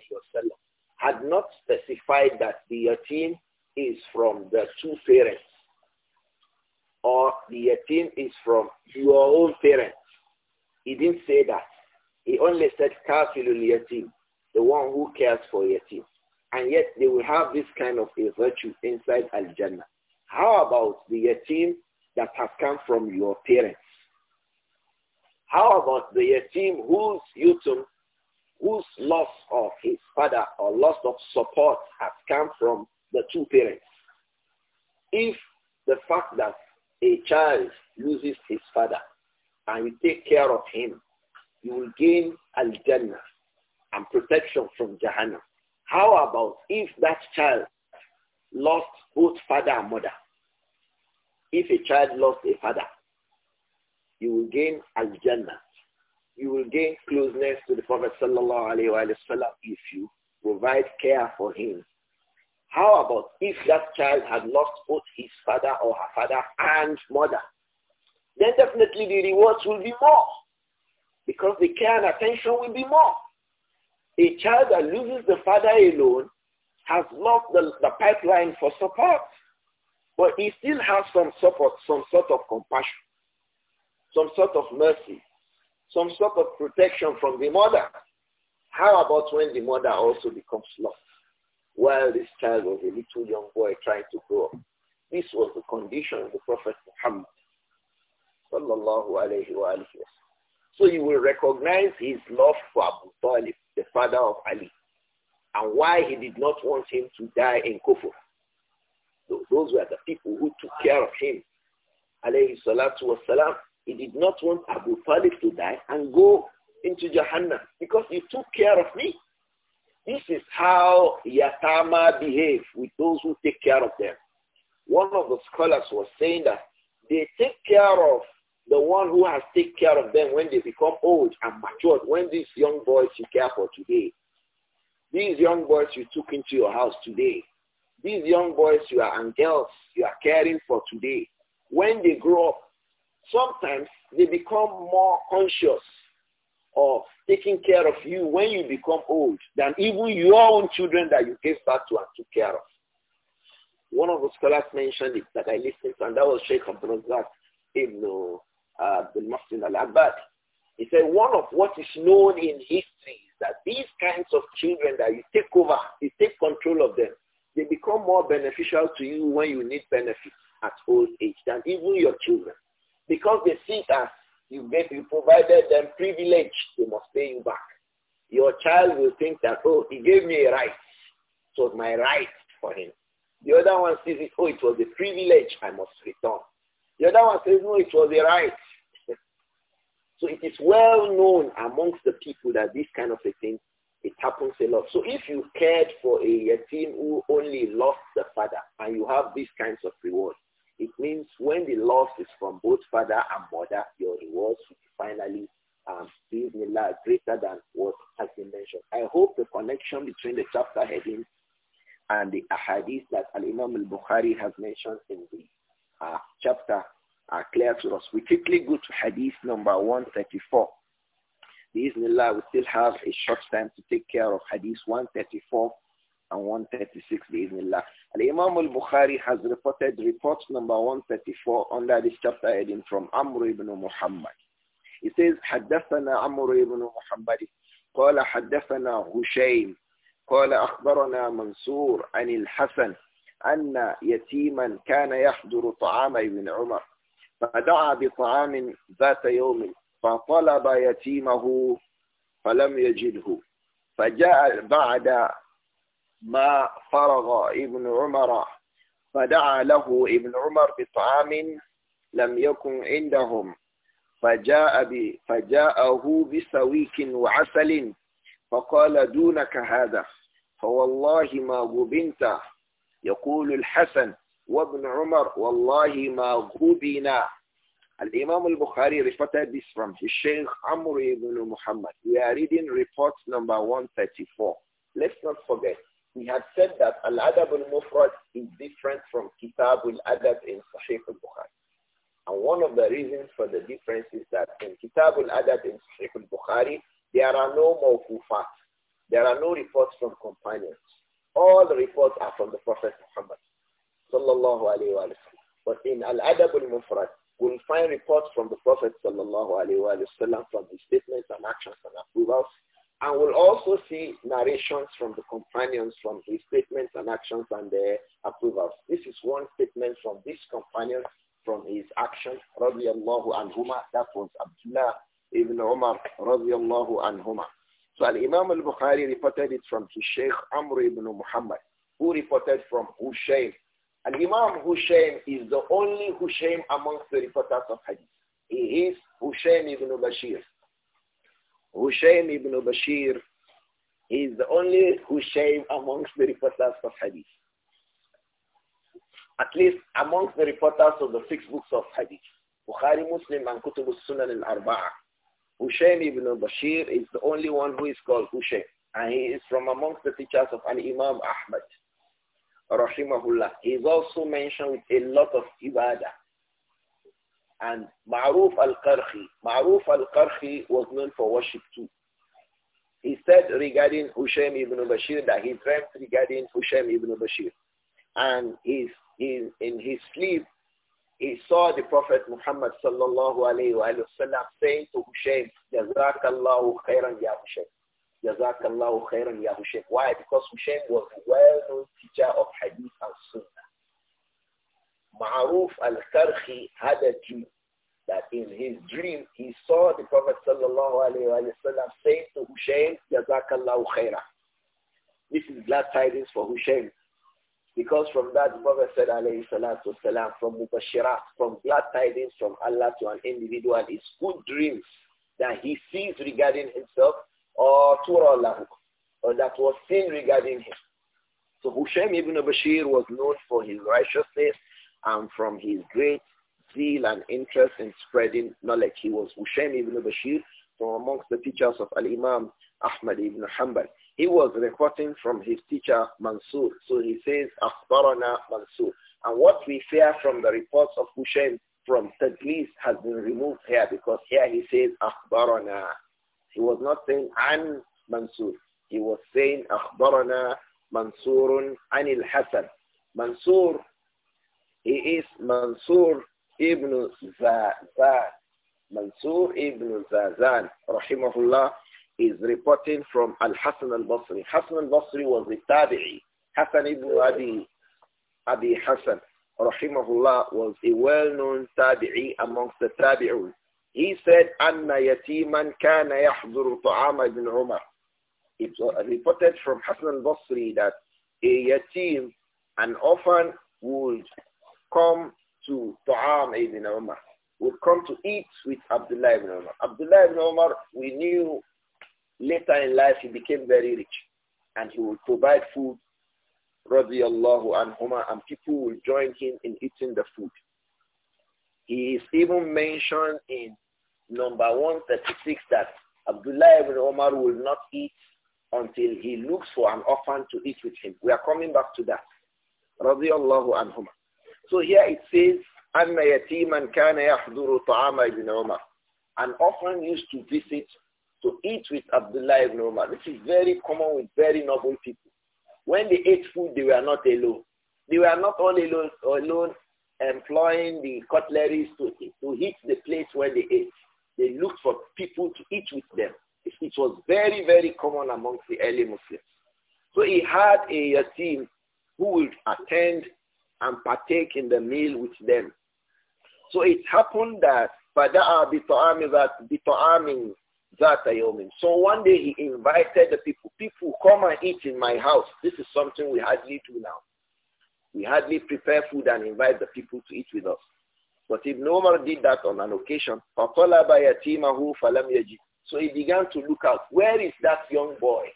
had not specified that the yatim is from the two parents, or the yatim is from your own parents. He didn't say that. He only said kafirun yatim, the one who cares for yatim. And yet they will have this kind of a virtue inside Al-Jannah. How about the yatim that has come from your parents? How about the yatim whose yutum, whose loss of his father or loss of support has come from the two parents? If the fact that a child loses his father and you take care of him, you will gain al-Jannah and protection from Jahannam. How about if that child lost both father and mother? If a child lost a father, you will gain al-jannah. You will gain closeness to the Prophet sallallahu alaihi wasallam if you provide care for him. How about if that child had lost both his father or her father and mother? Then definitely the rewards will be more because the care and attention will be more. A child that loses the father alone has lost the, the pipeline for support, but he still has some support, some sort of compassion, some sort of mercy, some sort of protection from the mother. How about when the mother also becomes lost? While this child was a little young boy trying to grow up. This was the condition of the Prophet Muhammad. Sallallahu alayhi wa So you will recognize his love for Abu Talib the father of Ali, and why he did not want him to die in Kufur. So those were the people who took care of him. Alayhi salatu wasalam. He did not want Abu Talib to die and go into Jahannam because he took care of me. This is how Yatama behave with those who take care of them. One of the scholars was saying that they take care of the one who has taken care of them when they become old and matured, when these young boys you care for today, these young boys you took into your house today, these young boys you are and girls you are caring for today, when they grow up, sometimes they become more conscious of taking care of you when you become old than even your own children that you gave birth to and took care of. One of the scholars mentioned it that I listened to, and that was Sheikh Abdul in. Ibn Abdul uh, Muhsin al-Abbad. He said one of what is known in history is that these kinds of children that you take over, you take control of them, they become more beneficial to you when you need benefits at old age than even your children. Because they see that you, get, you provided them privilege, they must pay you back. Your child will think that, oh, he gave me a right. So my right for him. The other one says, oh, it was a privilege I must return. The other one says, no, it was a right. So it is well known amongst the people that this kind of a thing, it happens a lot. So if you cared for a team who only lost the father and you have these kinds of rewards, it means when the loss is from both father and mother, your rewards finally um, are greater than what has been mentioned. I hope the connection between the chapter heading and the ahadith that Al-Imam al-Bukhari has mentioned in the uh, chapter are clear to us. We quickly go to hadith number 134. Bismillah, we still have a short time to take care of hadith 134 and 136. Bismillah. imam al-Bukhari has reported report number 134 under this chapter heading from Amr ibn Muhammad. It says, حدثنا عمرو ibn Muhammad." قال حدثنا هشيم قال أخبرنا منصور عن الحسن أن يتيما كان يحضر طعام ابن عمر فدعا بطعام ذات يوم فطلب يتيمه فلم يجده فجاء بعد ما فرغ ابن عمر فدعا له ابن عمر بطعام لم يكن عندهم فجاء ب فجاءه بسويك وعسل فقال دونك هذا فوالله ما غبنت يقول الحسن وابن عمر والله ما غبنا الإمام البخاري reported this from his Sheikh Amr ibn Muhammad. We are reading report number 134. Let's not forget, we had said that Al-Adab al-Mufrad is different from Kitabul adab in Sahih al-Bukhari. And one of the reasons for the difference is that in Kitab al-Adab in Sahih al-Bukhari, there are no mawkufat. There are no reports from companions. All the reports are from the Prophet Muhammad sallallahu alayhi wa But in Al-Adab al-Mufrad, we'll find reports from the Prophet sallallahu alayhi wa sallam from his statements and actions and approvals. And we'll also see narrations from the companions from his statements and actions and their approvals. This is one statement from this companion from his actions, radiallahu anhuma. That was Abdullah ibn Umar, radiallahu anhuma. So Al-Imam al-Bukhari reported it from his Sheikh Amr ibn Muhammad, who reported from Hushayn, and Imam Hushaym is the only Hushaym amongst the reporters of hadith. He is Hushaym ibn Bashir. Hushaym ibn Bashir is the only Hushaym amongst the reporters of hadith. At least amongst the reporters of the six books of hadith. Bukhari, Muslim, and Kutub al-Sunan al-Arba'a. Hushaym ibn Bashir is the only one who is called Hushaym. And he is from amongst the teachers of an Imam Ahmad rahimahullah, He's also mentioned with a lot of ibadah. And Ma'ruf al-Qarhi, Ma'ruf al-Qarhi was known for worship too. He said regarding Hushaym ibn Bashir that he dreamt regarding Hushaym ibn Bashir. And in his sleep, he saw the Prophet Muhammad sallallahu alayhi wa sallam saying to Hushaym, Jazakallahu khairan ya Hushaym. Jazakallahu khairan ya Why? Because Hushaym was a well-known teacher of hadith and sunnah. Ma'aruf al-Karhi had a dream that in his dream he saw the Prophet sallallahu alayhi wa say to Hushaym, Jazakallahu khairan. This is glad tidings for Hushaym. Because from that, the Prophet said, alayhi salatu salam, from mubashirat, from glad tidings from Allah to an individual is good dreams that he sees regarding himself or lahu, or that was seen regarding him. So Hushaym ibn Bashir was known for his righteousness and from his great zeal and interest in spreading knowledge. He was Hushaym ibn Bashir from amongst the teachers of Al-Imam Ahmad ibn Hanbal. He was reporting from his teacher Mansur. So he says, Akhbarana Mansur. And what we fear from the reports of Hushaym from Tadlis has been removed here because here he says, Akhbarana. He was not saying an Mansur. He was saying أخبرنا Mansur عن الحسن. Mansur, he is Mansur ibn Zazan. Mansur ibn Zazan, rahimahullah, is reporting from Al-Hasan al-Basri. Hasan al-Basri was the Tabi'i. Hasan ibn Abi, Abi Hasan, rahimahullah, was a well-known Tabi'i amongst the Tabi'un. He said, Anna yatiman kana yahzuru ta'ama ibn Umar. reported from Hassan al-Basri that a yatim, an orphan, would come to Ta'am ibn Umar, would come to eat with Abdullah ibn Umar. Abdullah ibn Umar, we knew later in life he became very rich and he would provide food, radiallahu anhuma, and people would join him in eating the food. He is even mentioned in number 136 that Abdullah ibn Omar will not eat until he looks for an orphan to eat with him. We are coming back to that. Radiallahu anhuma. So here it says, أَنَّ يَتِيمًا كَانَ يَحْضُرُ طَعَامَ Ibn Omar." An orphan used to visit, to eat with Abdullah ibn Omar. This is very common with very noble people. When they ate food, they were not alone. They were not all alone, alone employing the cutleries to, to hit the place where they ate. They looked for people to eat with them. It was very, very common amongst the early Muslims. So he had a team who would attend and partake in the meal with them. So it happened that فَدَعَى بِطَعَامٍ ذَاتَ يَوْمٍ So one day he invited the people, people come and eat in my house. This is something we hardly do now. We hardly prepare food and invite the people to eat with us. But Ibn Omar did that on an occasion. So he began to look out, where is that young boy?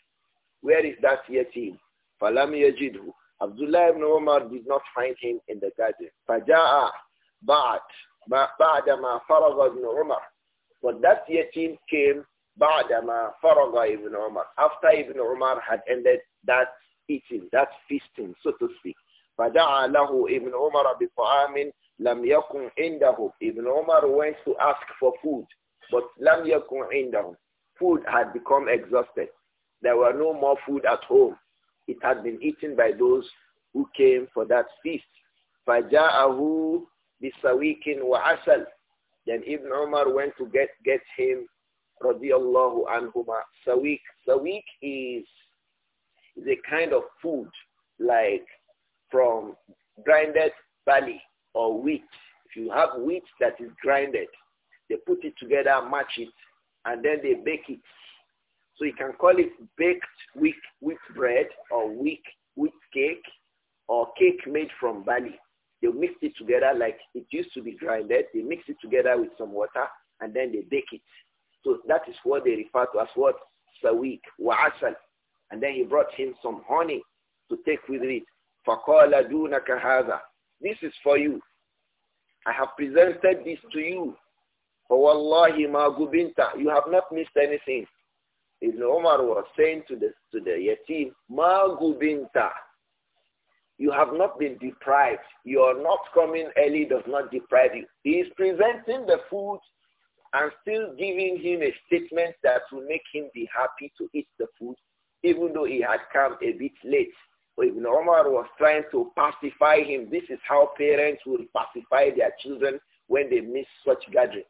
Where is that yatim? Falam yajidhu. Abdullah ibn Omar did not find him in the garden. Faja'a ba'at. Ba'dama faraga ibn Umar. But that yatim came ba'dama faraga ibn Umar. After Ibn Umar had ended that eating, that feasting, so to speak. فدعا له ابن عمر بطعام لم يكن عنده ابن Umar went to ask for food but لم يكن عنده food had become exhausted there were no more food at home it had been eaten by those who came for that feast فجاءه بسويك وعسل then Ibn Umar went to get get him رضي الله عنهما sawiq sawiq is is a kind of food like from grinded barley or wheat. If you have wheat that is grinded, they put it together, match it, and then they bake it. So you can call it baked wheat, wheat bread or wheat, wheat cake or cake made from barley. They mix it together like it used to be grinded. They mix it together with some water and then they bake it. So that is what they refer to as what? Sawiq, wa'asal. And then he brought him some honey to take with it. فَقَالَ دُونَكَ هَذَا This is for you. I have presented this to you. فَوَاللَّهِ مَا غُبِنْتَ You have not missed anything. Ibn Umar was saying to the, to the yatim, مَا غُبِنْتَ You have not been deprived. Your not coming early does not deprive you. He is presenting the food and still giving him a statement that will make him be happy to eat the food, even though he had come a bit late. When Omar was trying to pacify him. This is how parents will pacify their children when they miss such gatherings.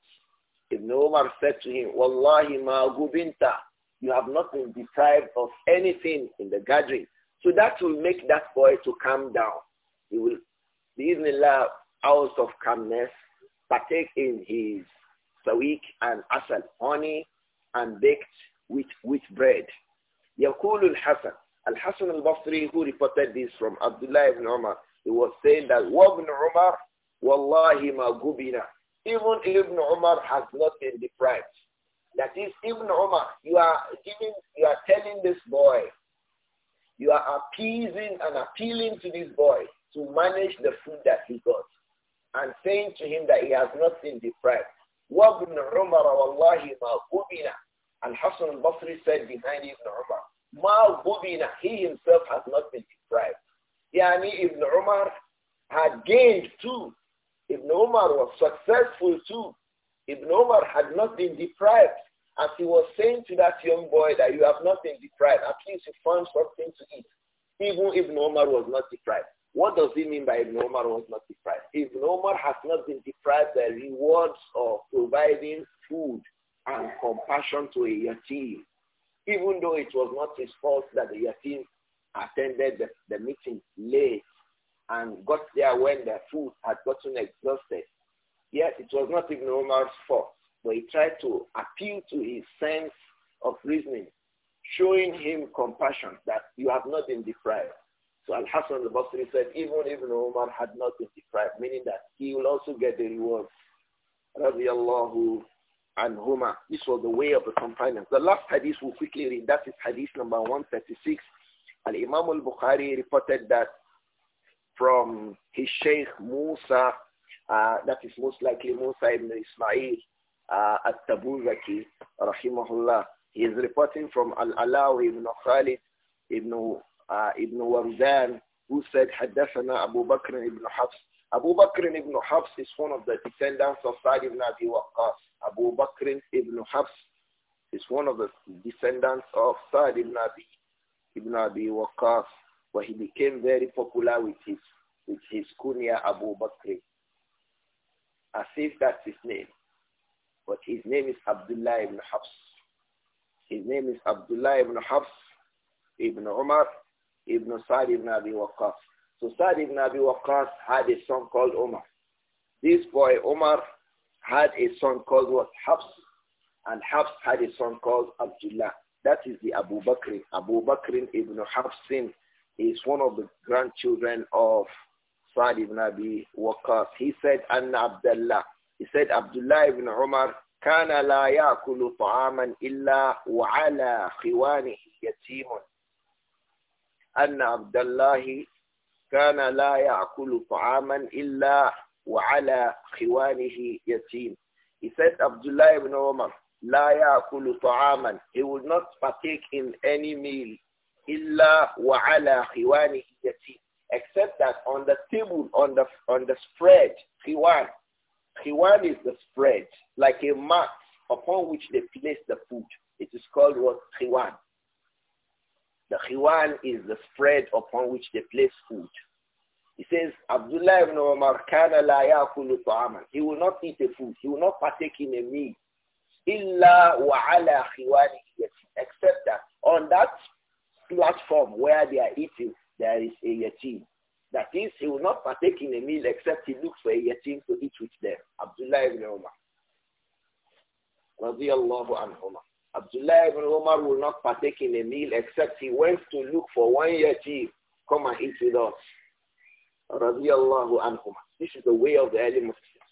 Ibn Omar said to him, Wallahi ma gubinta, you have not been deprived of anything in the gathering. So that will make that boy to calm down. He will be in the hours of calmness, partake in his sawik and asal, honey, and baked with, with bread. يقول الحسن Al-Hassan al-Basri, who reported this from Abdullah ibn Umar, he was saying that Ibn Umar, وَاللَّهِ مَا قُبِنَ Even Ibn Umar has not been deprived. That is, Ibn Umar, you are giving, you are telling this boy, you are appeasing and appealing to this boy to manage the food that he got and saying to him that he has not been deprived. Ibn عمر عُمَرَ وَاللَّهِ al قُبِنَ Al-Hassan al-Basri said behind Ibn Umar, Ma he himself has not been deprived. Yani Ibn Umar had gained too. Ibn Umar was successful too. Ibn Umar had not been deprived. As he was saying to that young boy that you have not been deprived, at least you found something to eat. Even Ibn Omar was not deprived. What does he mean by Ibn Omar was not deprived? Ibn Omar has not been deprived the rewards of providing food and compassion to a yatim even though it was not his fault that the yatim attended the, the meeting late and got there when the food had gotten exhausted. Yet it was not Ibn Omar's fault, but he tried to appeal to his sense of reasoning, showing him compassion that you have not been deprived. So Al-Hassan al-Basri said, even Ibn Omar had not been deprived, meaning that he will also get the reward and Homa. This was the way of the companions. The last hadith we'll quickly read, that is hadith number 136. Al-Imam al-Bukhari reported that from his Sheikh Musa, uh, that is most likely Musa ibn Ismail uh, al-Tabuzaki, rahimahullah. He is reporting from Al-Alawi ibn Khalid ibn, uh, ibn Wardan, who said, حدثنا أبو بكر ibn Hafs Abu Bakr ibn Hafs is one of the descendants of Sa'd ibn Abi Waqqas. Abu Bakr ibn Hafs is one of the descendants of Sa'd ibn Abi, ibn Abi Waqqas, where he became very popular with his, with his kunya Abu Bakr. As if that's his name. But his name is Abdullah ibn Hafs. His name is Abdullah ibn Hafs ibn Umar ibn Sa'd ibn Abi Waqqas. So Sa'd ibn Abi Waqqas had a son called Omar. This boy, Omar, had a son called what? Hafs. And Hafs had a son called Abdullah. That is the Abu Bakr. Abu Bakr ibn Hafsin is one of the grandchildren of Sa'd ibn Abi Waqqas. He said, Anna Abdullah. He said, Abdullah ibn Omar. كان لا يأكل طعاما إلا وعلى خوانه يتيم أن عبد الله كان لا يأكل طعاما إلا وعلى خوانه يتيم. He said Abdullah ibn Umar, لا يأكل طعاما. He will not partake in any meal إلا وعلى خوانه يتيم. Except that on the table, on the on the spread, khiwan. Khiwan is the spread, like a mat upon which they place the food. It is called what? Khiwan. The khiwan is the spread upon which they place food. He says, Abdullah ibn Umar kana la yakulu ta'aman. He will not eat a food. He will not partake in a meal. Illa wa ala khiwani Except that on that platform where they are eating, there is a yatim. That is, he will not partake in a meal except he looks for a yatim to eat with them. Abdullah ibn Umar. Radiallahu anhumah. Abdullah ibn Umar will not partake in a meal except he went to look for one yatim. Come and eat with us radiallahu anhum. This is the way of the early Muslims.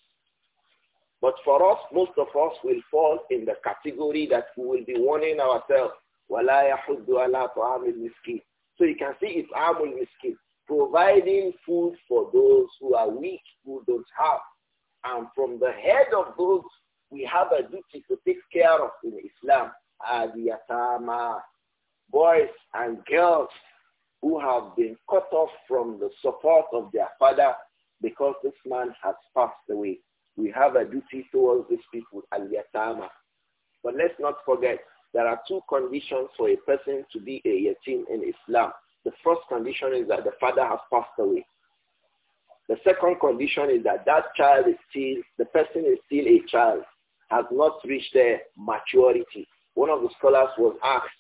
But for us, most of us will fall in the category that we will be warning ourselves, وَلَا يَحُدُّ عَلَىٰ طَعَامِ الْمِسْكِينِ So you can see it's عَامُ الْمِسْكِينِ providing food for those who are weak, who don't have. And from the head of those, we have a duty to take care of in Islam, are the boys and girls who have been cut off from the support of their father because this man has passed away. We have a duty towards these people, al-yatama. But let's not forget, there are two conditions for a person to be a yatim in Islam. The first condition is that the father has passed away. The second condition is that that child is still, the person is still a child, has not reached their maturity. One of the scholars was asked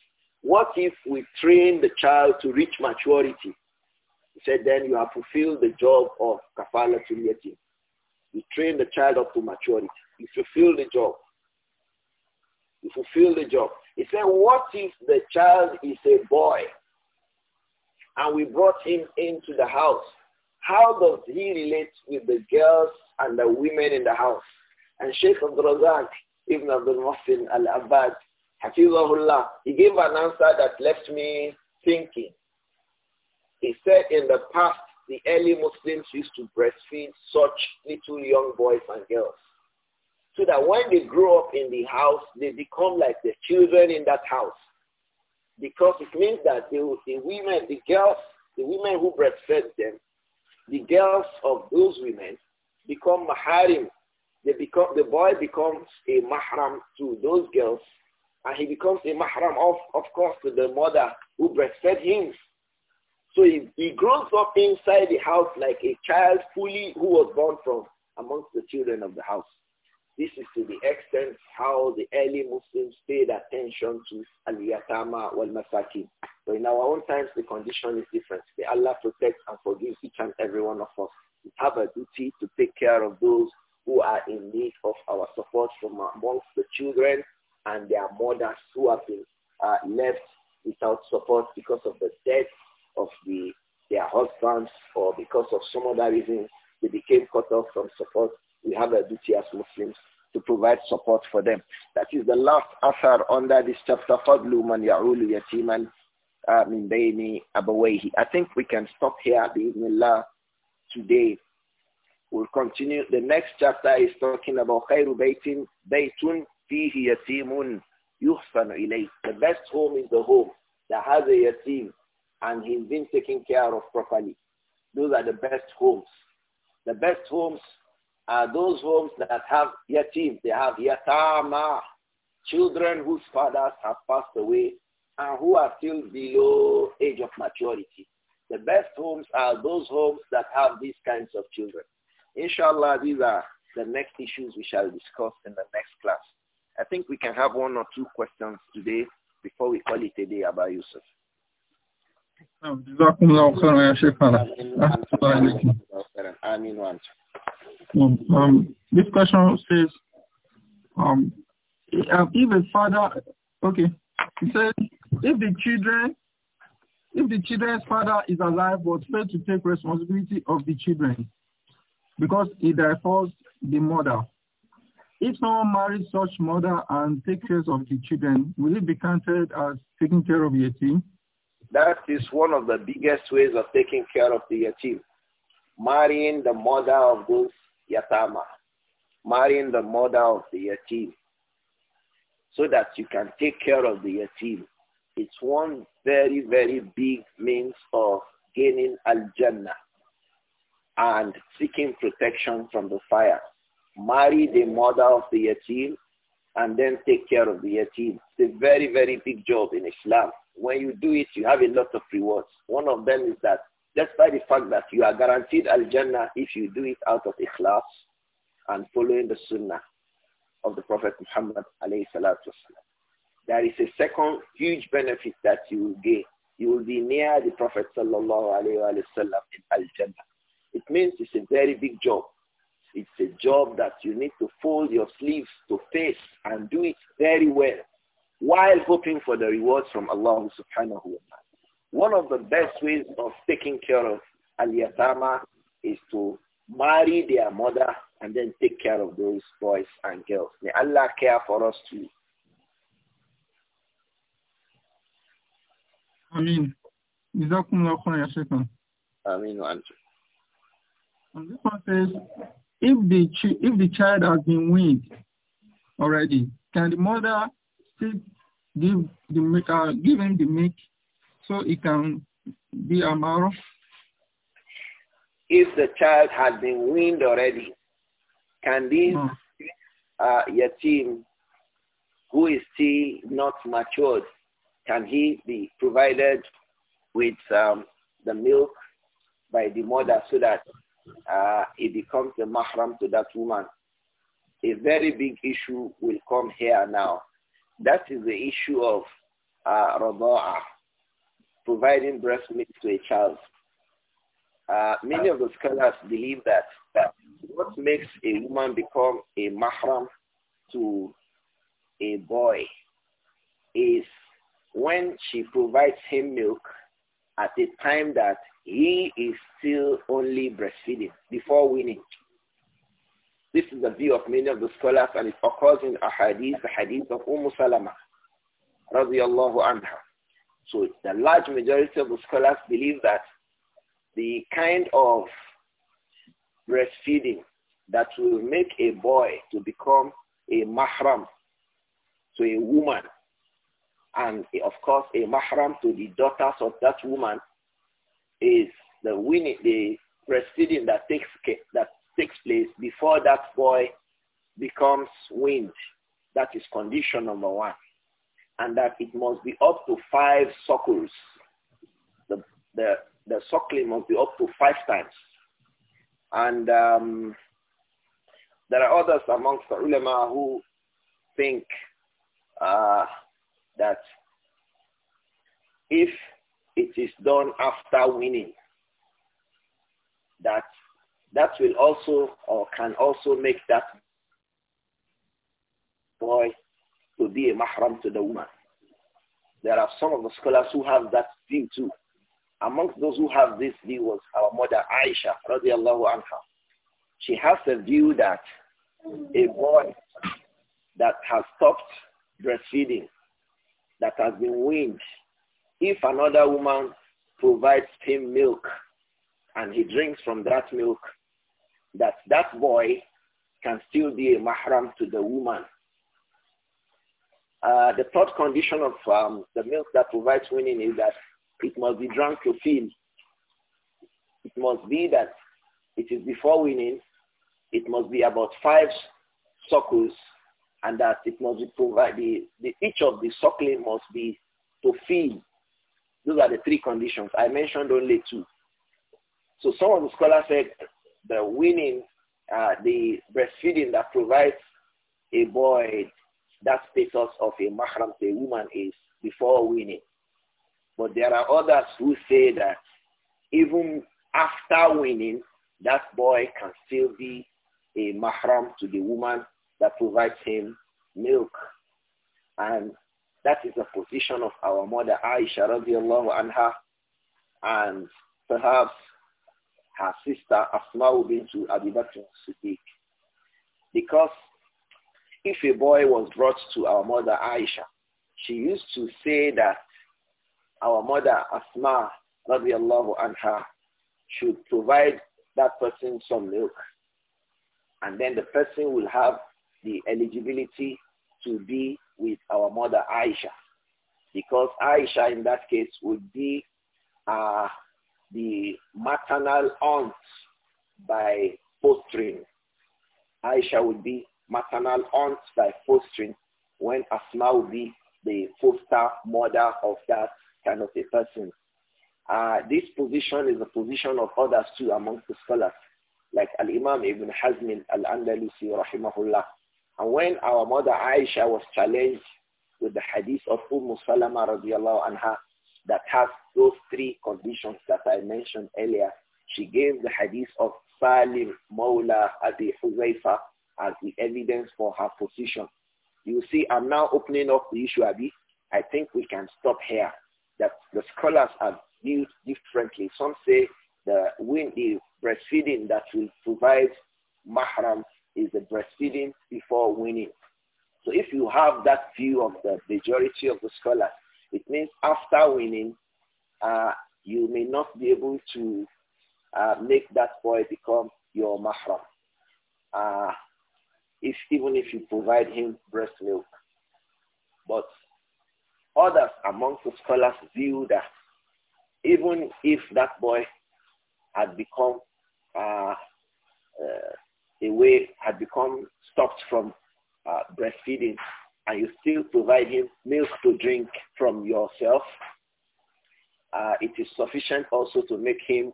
what if we train the child to reach maturity? He said, then you have fulfilled the job of kafala yatim. You train the child up to maturity. You fulfill the job. You fulfill the job. He said, what if the child is a boy and we brought him into the house? How does he relate with the girls and the women in the house? And Sheikh Abdul Razak Ibn Abdul Muhsin Al-Abad Hafizahullah, he gave an answer that left me thinking. He said in the past, the early Muslims used to breastfeed such little young boys and girls. So that when they grow up in the house, they become like the children in that house. Because it means that the women, the girls, the women who breastfed them, the girls of those women become maharim. They become, the boy becomes a mahram to those girls and he becomes a mahram of, of course, to the mother who breastfed him. So he, he grows up inside the house like a child fully who was born from amongst the children of the house. This is to the extent how the early Muslims paid attention to aliyatama yatama wal Masaki. But in our own times, the condition is different. May Allah protect and forgive each and every one of us. We have a duty to take care of those who are in need of our support from amongst the children and their mothers who have been uh, left without support because of the death of the, their husbands or because of some other reason they became cut off from support. We have a duty as Muslims to provide support for them. That is the last asar under this chapter, فَضْلُ مَنْ يَعُولُ Yatiman uh, min Bayni أَبَوَيْهِ I think we can stop here, bismillah, today. We'll continue. The next chapter is talking about خَيْرُ Baytun. فيه يتيم يحسن إليه. The best home is the home that has a yatim and he's been taken care of properly. Those are the best homes. The best homes are those homes that have yatim. They have yatama, children whose fathers have passed away and who are still below age of maturity. The best homes are those homes that have these kinds of children. Inshallah, these are the next issues we shall discuss in the next class. I think we can have one or two questions today before we call it a day about Yusuf. جزاكم um, This question says um, um if the father okay it says if the children if the children's father is alive but failed to take responsibility of the children because he divorced the mother if someone marries such mother and takes care of the children, will it be counted as taking care of yatim? That is one of the biggest ways of taking care of the yatim. Marrying the mother of those yatama. Marrying the mother of the yatim. So that you can take care of the yatim. It's one very, very big means of gaining al-jannah and seeking protection from the fire marry the mother of the yatim, and then take care of the yatim. It's a very, very big job in Islam. When you do it, you have a lot of rewards. One of them is that despite the fact that you are guaranteed al-Jannah if you do it out of ikhlas and following the sunnah of the Prophet Muhammad alayhi There is a second huge benefit that you will gain. You will be near the Prophet sallallahu alayhi wa sallam in al-Jannah. It means it's a very big job. It's a job that you need to fold your sleeves to face and do it very well while hoping for the rewards from Allah subhanahu wa ta'ala. One of the best ways of taking care of al-yatama is to marry their mother and then take care of those boys and girls. May Allah care for us too. Ameen. جزاكم الله خيرا يا شيخنا. And this one says, if the, if the child has been weaned already, can the mother still give, the, uh, give him the milk so it can be a maruf? If the child has been weaned already, can this no. uh, yatim who is still not matured, can he be provided with um, the milk by the mother so that uh, he becomes a mahram to that woman. A very big issue will come here now. That is the issue of uh, providing breast milk to a child. Uh, many of the scholars believe that, that what makes a woman become a mahram to a boy is when she provides him milk at a time that he is still only breastfeeding before weaning. This is the view of many of the scholars and it occurs in a hadith, the hadith of Umm Salama, radiallahu anha. So the large majority of the scholars believe that the kind of breastfeeding that will make a boy to become a mahram to a woman and of course a mahram to the daughters of that woman is the winning, the proceeding that takes that takes place before that boy becomes wind. That is condition number one, and that it must be up to five suckles, The the the suckling must be up to five times, and um, there are others amongst the ulama who think uh, that if it is done after winning. That that will also or can also make that boy to be a mahram to the woman. There are some of the scholars who have that view too. Amongst those who have this view was our mother Aisha radiallahu anha. She has a view that a boy that has stopped breastfeeding, that has been weaned, if another woman provides him milk and he drinks from that milk, that that boy can still be a mahram to the woman. Uh, the third condition of um, the milk that provides winning is that it must be drunk to feel. It must be that it is before winning. It must be about five suckles and that it must be provided, the, each of the suckling must be to feel. Those are the three conditions. I mentioned only two. So some of the scholars said the winning, uh, the breastfeeding that provides a boy that status of a mahram to a woman is before winning. But there are others who say that even after winning, that boy can still be a mahram to the woman that provides him milk. And that is the position of our mother Aisha radiallahu anha and perhaps her sister Asma bint Abi Bakr Siddiq. Because if a boy was brought to our mother Aisha, she used to say that our mother Asma radiallahu anha should provide that person some milk. And then the person will have the eligibility to be with our mother Aisha. Because Aisha in that case would be uh, the maternal aunt by fostering. Aisha would be maternal aunt by fostering when Asma would be the foster mother of that kind of a person. Uh, this position is a position of others too amongst the scholars, like Al-Imam Ibn Hazm al-Andalusi rahimahullah. And when our mother Aisha was challenged with the hadith of Umm Salama radiallahu anha that has those three conditions that I mentioned earlier, she gave the hadith of Salim Mawla Abi Huzaifa as the evidence for her position. You see, I'm now opening up the issue, Abi. I think we can stop here. That the scholars have viewed differently. Some say the, wind is breastfeeding that will provide mahram is the breastfeeding before winning. So if you have that view of the majority of the scholars, it means after winning, uh, you may not be able to uh, make that boy become your mahram. Uh, if, even if you provide him breast milk. But others among the scholars view that even if that boy had become uh, uh, a way had become stopped from uh, breastfeeding, and you still provide him milk to drink from yourself, uh, it is sufficient also to make him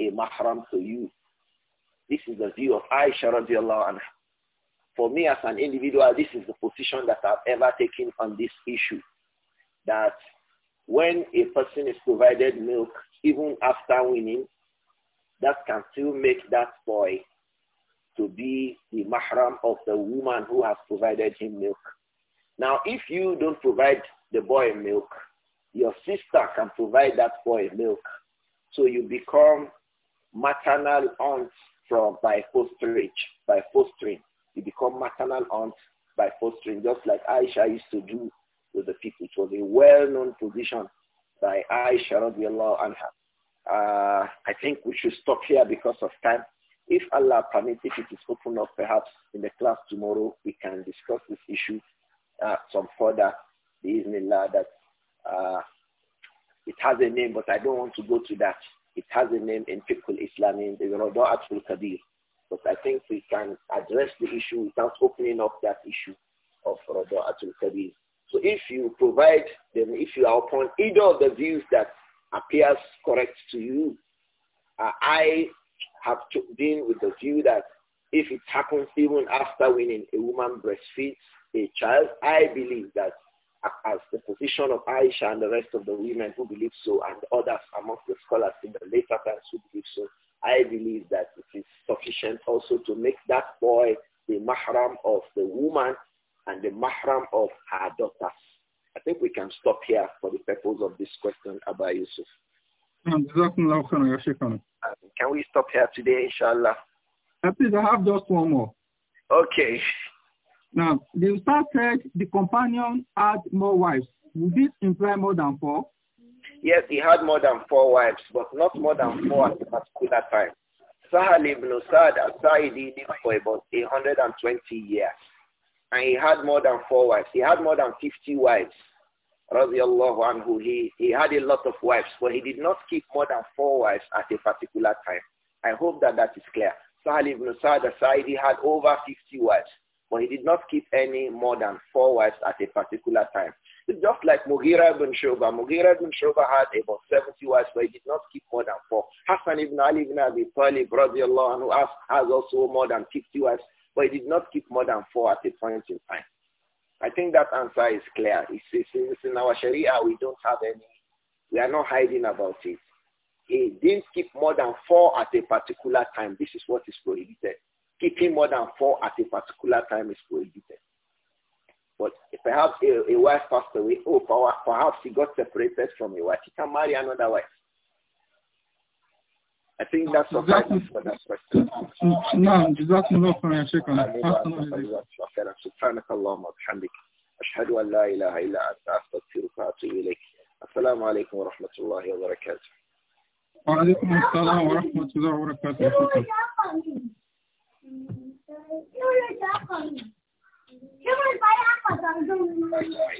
a mahram to you. This is the view of Aisha radiallahu anha. For me as an individual, this is the position that I've ever taken on this issue. That when a person is provided milk, even after winning, that can still make that boy to be the mahram of the woman who has provided him milk. Now, if you don't provide the boy milk, your sister can provide that boy milk. So you become maternal aunt from by fostering. by fostering. You become maternal aunt by fostering, just like Aisha used to do with the people. It was a well-known position by Aisha radiallahu anha. Uh, I think we should stop here because of time. If Allah permits, if it is open up, perhaps in the class tomorrow, we can discuss this issue uh, some further. Allah that uh, it has a name, but I don't want to go to that. It has a name in typical islam in the Rada'atul Kabir. But I think we can address the issue without opening up that issue of Rada'atul Kabir. So if you provide them, if you are upon either of the views that appears correct to you, uh, I have been with the view that if it happens even after winning, a woman breastfeeds a child, I believe that as the position of Aisha and the rest of the women who believe so and others amongst the scholars in the later times who believe so, I believe that it is sufficient also to make that boy the mahram of the woman and the mahram of her daughters. I think we can stop here for the purpose of this question, about Yusuf. Can we stop here today, inshallah? Uh, please, I have just one more. Okay. Now, the Ustaz said the companion had more wives. Would this imply more than four? Yes, he had more than four wives, but not more than four at a particular time. Sahal ibn Usad, would al-Sa'idi lived for about 120 years, and he had more than four wives. He had more than 50 wives radiallahu anhu, he, he had a lot of wives, but he did not keep more than four wives at a particular time. I hope that that is clear. Sahal ibn Sa'd Sa'idi had over 50 wives, but he did not keep any more than four wives at a particular time. It's just like Mughira ibn Shoba. Mughira ibn Shoba had about 70 wives, but he did not keep more than four. Hassan ibn Ali ibn Abi Talib, radiallahu anhu, has also more than 50 wives, but he did not keep more than four at a point in time. I think that answer is clear. It's, it's, it's in our Sharia. We don't have any. We are not hiding about it. He didn't keep more than four at a particular time. This is what is prohibited. Keeping more than four at a particular time is prohibited. But perhaps a, a wife passed away. Oh, perhaps he got separated from a wife. He can marry another wife. I think that's what that is for that question. Subhanakallah wa bihamdik. Ashhadu an la ilaha illa anta astaghfiruka wa Assalamu alaykum wa rahmatullahi